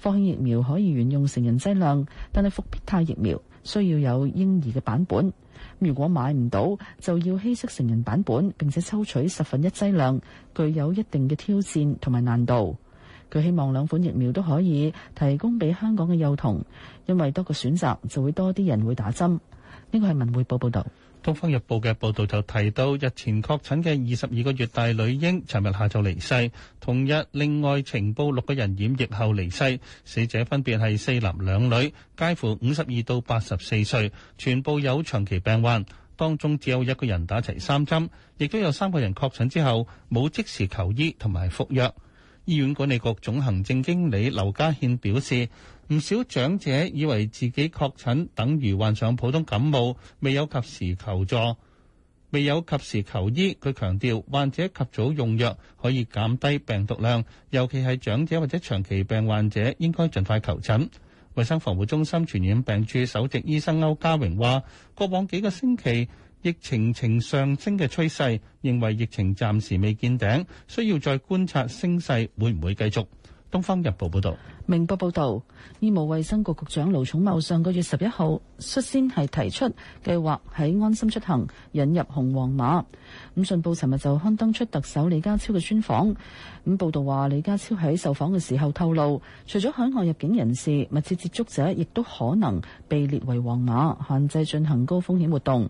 科興疫苗可以沿用成人劑量，但係復必泰疫苗需要有嬰兒嘅版本。如果買唔到，就要稀釋成人版本，並且抽取十分一劑量，具有一定嘅挑戰同埋難度。佢希望兩款疫苗都可以提供俾香港嘅幼童，因為多個選擇，就會多啲人會打針。呢個係文匯報報道。《東
方日報》嘅報導就提到，日前確診嘅二十二個月大女嬰，尋日下晝離世。同日，另外呈報六個人染疫後離世，死者分別係四男兩女，介乎五十二到八十四歲，全部有長期病患。當中只有一個人打齊三針，亦都有三個人確診之後冇即時求醫同埋服藥。醫院管理局總行政經理劉家獻表示。唔少長者以為自己確診等於患上普通感冒，未有及時求助，未有及時求醫。佢強調，患者及早用藥可以減低病毒量，尤其係長者或者長期病患者應該盡快求診。衞生防護中心傳染病處首席醫生歐家榮話，過往幾個星期疫情呈上升嘅趨勢，認為疫情暫時未見頂，需要再觀察升勢會唔會繼續。東方日報報道，
明報報道，醫務衛生局局長盧寵茂上個月十一號率先係提出計劃喺安心出行引入紅黃碼。咁，信報尋日就刊登出特首李家超嘅專訪。咁報道話，李家超喺受訪嘅時候透露，除咗海外入境人士、密切接觸者，亦都可能被列為黃碼，限制進行高風險活動。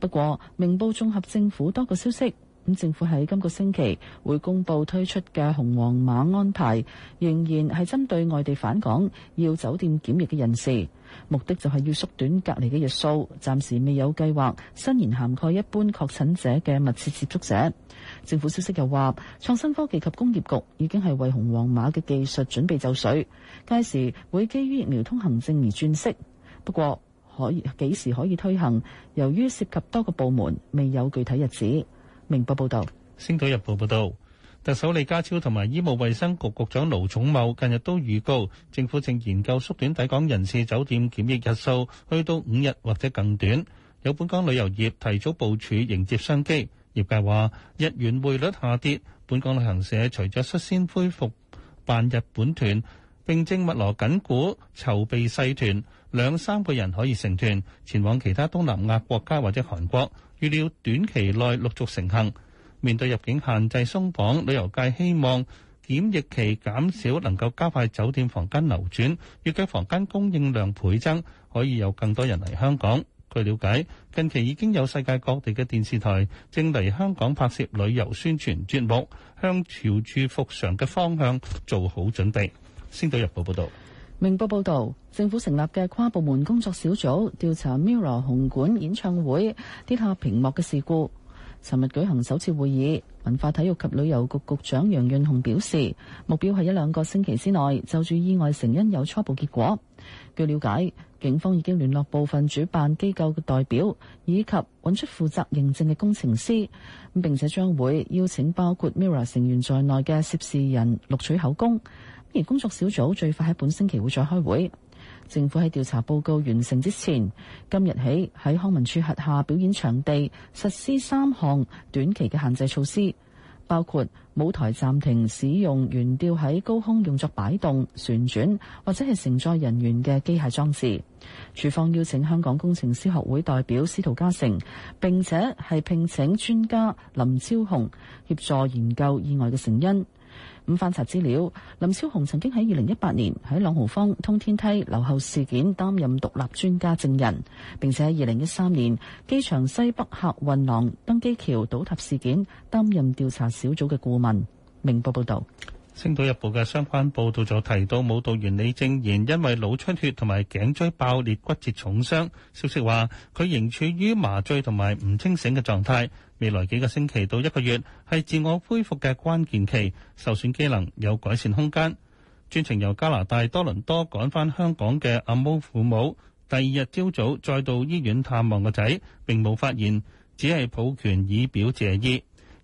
不過，明報綜合政府多個消息。咁，政府喺今個星期會公布推出嘅紅黃碼安排，仍然係針對外地返港要酒店檢疫嘅人士，目的就係要縮短隔離嘅日數，暫時未有計劃，伸延涵蓋一般確診者嘅密切接觸者。政府消息又話，創新科技及工業局已經係為紅黃碼嘅技術準備就緒，屆時會基於疫苗通行證而轉息，不過，可以幾時可以推行，由於涉及多個部門，未有具體日子。明報報導，
《星島日報》報道，特首李家超同埋醫務衛生局局長盧寵茂近日都預告，政府正研究縮短抵港人士酒店檢疫日數，去到五日或者更短。有本港旅遊業提早部署迎接商機，業界話日元匯率下跌，本港旅行社隨着率先恢復辦日本團，並正密鑼緊鼓籌備細團，兩三個人可以成團前往其他東南亞國家或者韓國。預料短期內陸續成行，面對入境限制鬆綁，旅遊界希望檢疫期減少，能夠加快酒店房間流轉，預計房間供應量倍增，可以有更多人嚟香港。據了解，近期已經有世界各地嘅電視台正嚟香港拍攝旅遊宣傳節目，向朝住復常嘅方向做好準備。星島日報報道。
明報報導，政府成立嘅跨部門工作小組調查 MIRROR 紅館演唱會跌下屏幕嘅事故。尋日舉行首次會議，文化體育及旅遊局局長楊潤雄表示，目標係一兩個星期之內就住意外成因有初步結果。據了解，警方已經聯絡部分主辦機構嘅代表，以及揾出負責認證嘅工程師，咁並且將會邀請包括 MIRROR 成員在內嘅涉事人錄取口供。而工作小組最快喺本星期會再開會，政府喺調查報告完成之前，今日起喺康文署轄下表演場地實施三項短期嘅限制措施，包括舞台暫停使用懸吊喺高空用作擺動旋轉或者係承載人員嘅機械裝置。廚房邀請香港工程師學會代表司徒嘉誠，並且係聘請專家林超雄協助研究意外嘅成因。咁翻查資料，林超雄曾經喺二零一八年喺朗豪坊通天梯樓後事件擔任獨立專家證人，並且喺二零一三年機場西北客運廊登機橋倒塌事件擔任調查小組嘅顧問。明報報道。
《星島日報》嘅相關報導就提到，舞蹈員李正賢因為腦出血同埋頸椎爆裂骨折重傷，消息話佢仍處於麻醉同埋唔清醒嘅狀態。未來幾個星期到一個月係自我恢復嘅關鍵期，受損機能有改善空間。專程由加拿大多倫多趕返香港嘅阿毛父母，第二日朝早再到醫院探望個仔，並冇發現，只係抱拳以表謝意。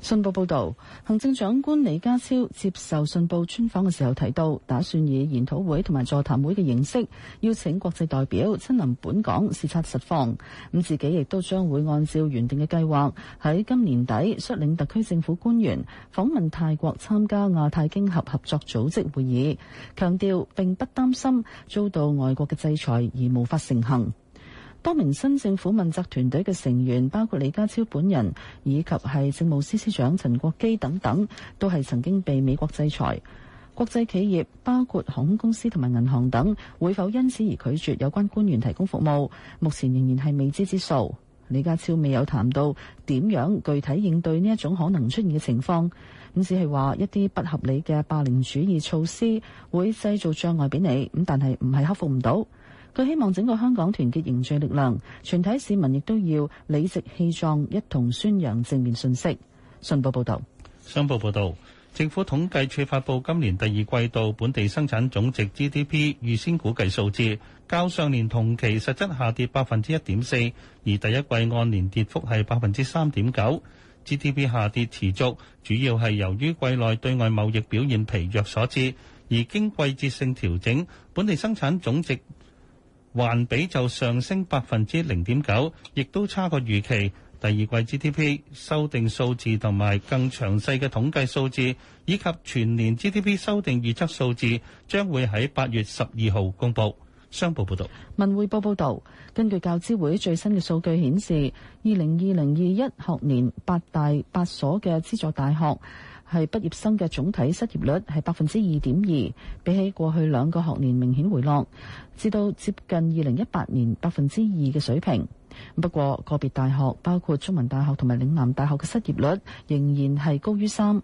信報報導，行政長官李家超接受信報專訪嘅時候提到，打算以研討會同埋座談會嘅形式邀請國際代表親臨本港視察實況。咁自己亦都將會按照原定嘅計劃，喺今年底率領特區政府官員訪問泰國，參加亞太經合合作組織會議，強調並不擔心遭到外國嘅制裁而無法成行。多名新政府問責團隊嘅成員，包括李家超本人以及係政務司司長陳國基等等，都係曾經被美國制裁。國際企業，包括航空公司同埋銀行等，會否因此而拒絕有關官員提供服務？目前仍然係未知之數。李家超未有談到點樣具體應對呢一種可能出現嘅情況，咁只係話一啲不合理嘅霸凌主義措施會製造障礙俾你，咁但係唔係克服唔到。佢希望整個香港團結凝聚力量，全體市民亦都要理直氣壯，一同宣揚正面信息。信報報導，
商報報道：政府統計處發布今年第二季度本地生產總值 GDP 預先估計數字，較上年同期實質下跌百分之一點四，而第一季按年跌幅係百分之三點九。GDP 下跌持續，主要係由於季內對外貿易表現疲弱所致，而經季節性調整，本地生產總值。環比就上升百分之零點九，亦都差過預期。第二季 GDP 修訂數字同埋更詳細嘅統計數字，以及全年 GDP 修訂預測數字，將會喺八月十二號公布。商報報道：
文匯報報道，根據教資會最新嘅數據顯示，二零二零二一學年八大八所嘅資助大學。係畢業生嘅總體失業率係百分之二點二，比起過去兩個學年明顯回落，至到接近二零一八年百分之二嘅水平。不過個別大學包括中文大學同埋嶺南大學嘅失業率仍然係高於三。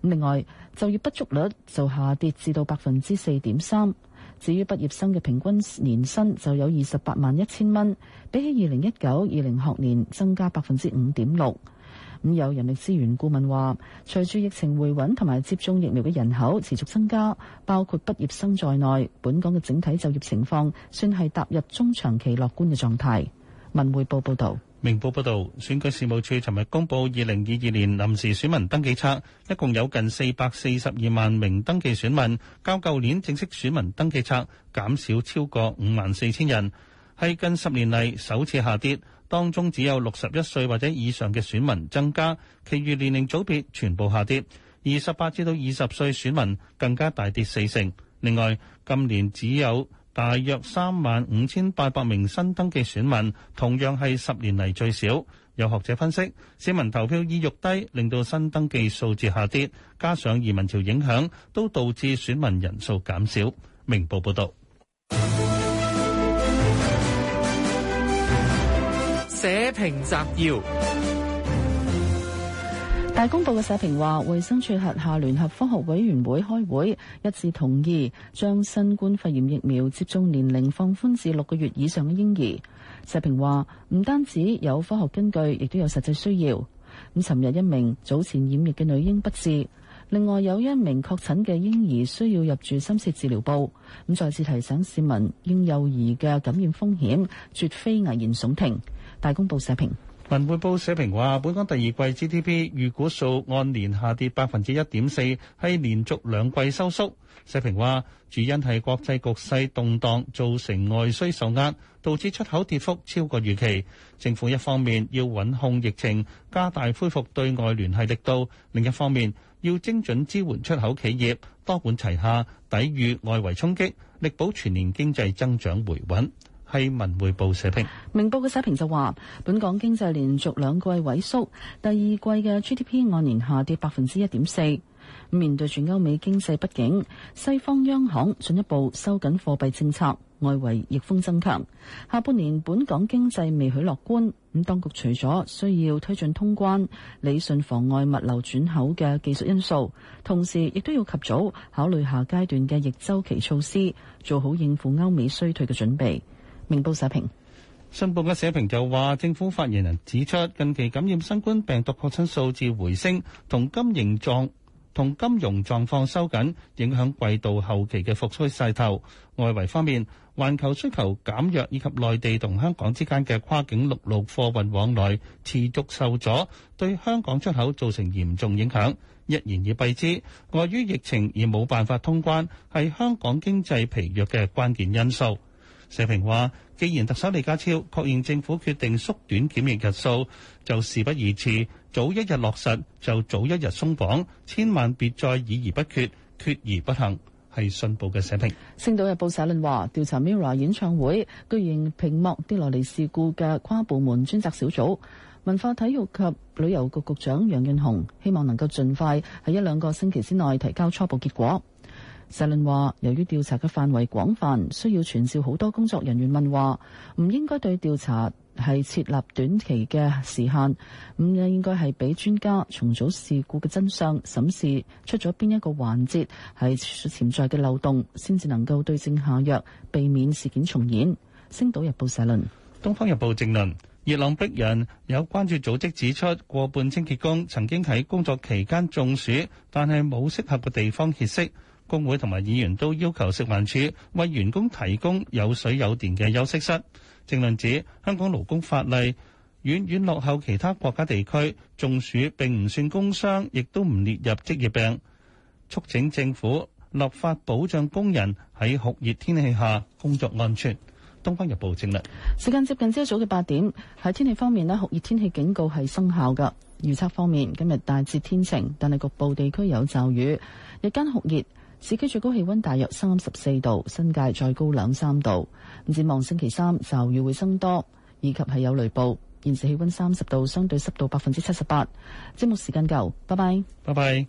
另外就業不足率就下跌至到百分之四點三。至於畢業生嘅平均年薪就有二十八萬一千蚊，比起二零一九二零學年增加百分之五點六。有人力資源顧問話，隨住疫情回穩同埋接種疫苗嘅人口持續增加，包括畢業生在內，本港嘅整體就業情況算係踏入中長期樂觀嘅狀態。文匯報報道。
明報報道，選舉事務處尋日公佈二零二二年臨時選民登記冊，一共有近四百四十二萬名登記選民，較舊年正式選民登記冊減少超過五萬四千人，係近十年嚟首次下跌。當中只有六十一歲或者以上嘅選民增加，其餘年齡組別全部下跌，十八至到二十歲選民更加大跌四成。另外，今年只有大約三萬五千八百名新登記選民，同樣係十年嚟最少。有學者分析，市民投票意欲低，令到新登記數字下跌，加上移民潮影響，都導致選民人數減少。明報報道。社評摘
要：大公報嘅社評話，衛生署轄下聯合科學委員會開會一致同意，將新冠肺炎疫苗接種年齡放寬至六個月以上嘅嬰兒。社評話，唔單止有科學根據，亦都有實際需要。咁，尋日一名早前染疫嘅女嬰不治，另外有一名確診嘅嬰兒需要入住深切治療部。咁再次提醒市民，嬰幼兒嘅感染風險絕非危言聳聽。大公報社評，
文匯報社評話，本港第二季 GDP 預估數按年下跌百分之一點四，係連續兩季收縮。社評話，主因係國際局勢動盪造成外需受壓，導致出口跌幅超過預期。政府一方面要穩控疫情，加大恢復對外聯繫力度；另一方面要精準支援出口企業，多管齊下，抵禦外圍衝擊，力保全年經濟增長回穩。係《文匯報》社評，
《明報》嘅社評就話，本港經濟連續兩季萎縮，第二季嘅 GDP 按年下跌百分之一點四。面對住歐美經濟不景，西方央行進一步收緊貨幣政策，外圍逆風增強。下半年本港經濟未許樂觀。咁當局除咗需要推進通關、理順妨礙物流轉口嘅技術因素，同時亦都要及早考慮下階段嘅逆周期措施，做好應付歐美衰退嘅準備。明報社評，
信報嘅社評就話，政府發言人指出，近期感染新冠病毒確診數字回升，同金形狀同金融狀況收緊，影響季度後期嘅復甦勢頭。外圍方面，環球需求減弱以及內地同香港之間嘅跨境陸路貨運往來持續受阻，對香港出口造成嚴重影響。一言以蔽之，礙於疫情而冇辦法通關，係香港經濟疲弱嘅關鍵因素。社評話：既然特首李家超確認政府決定縮短檢疫日數，就事不宜遲，早一日落實就早一日鬆綁，千萬別再議而不決，決而不行，係信報嘅社評。
星島日報社論話：調查 Mirror 演唱會，居然屏幕跌落嚟事故嘅跨部門專責小組，文化體育及旅遊局局長楊潤雄希望能夠盡快喺一兩個星期之內提交初步結果。社論話：由於調查嘅範圍廣泛，需要傳召好多工作人員問話，唔應該對調查係設立短期嘅時限。咁樣應該係俾專家重組事故嘅真相，審視出咗邊一個環節係潛在嘅漏洞，先至能夠對症下藥，避免事件重演。《星島日報》社論，《東方日報》正論
熱浪逼人，有關注組織指出，過半清潔工曾經喺工作期間中暑，但係冇適合嘅地方歇息。工會同埋議員都要求食環署為員工提供有水有電嘅休息室。正論指香港勞工法例遠遠落後其他國家地區，中暑並唔算工傷，亦都唔列入職業病，促請政府立法保障工人喺酷熱天氣下工作安全。
東方日報正論。時間接近朝早嘅八點，喺天氣方面，呢酷熱天氣警告係生效嘅。預測方面，今日大致天晴，但係局部地區有驟雨，日間酷熱。市區最高氣溫大約三十四度，新界再高兩三度。展望星期三驟雨會增多，以及係有雷暴。現時氣溫三十度，相對濕度百分之七十八。節目時間夠，拜拜。
拜拜。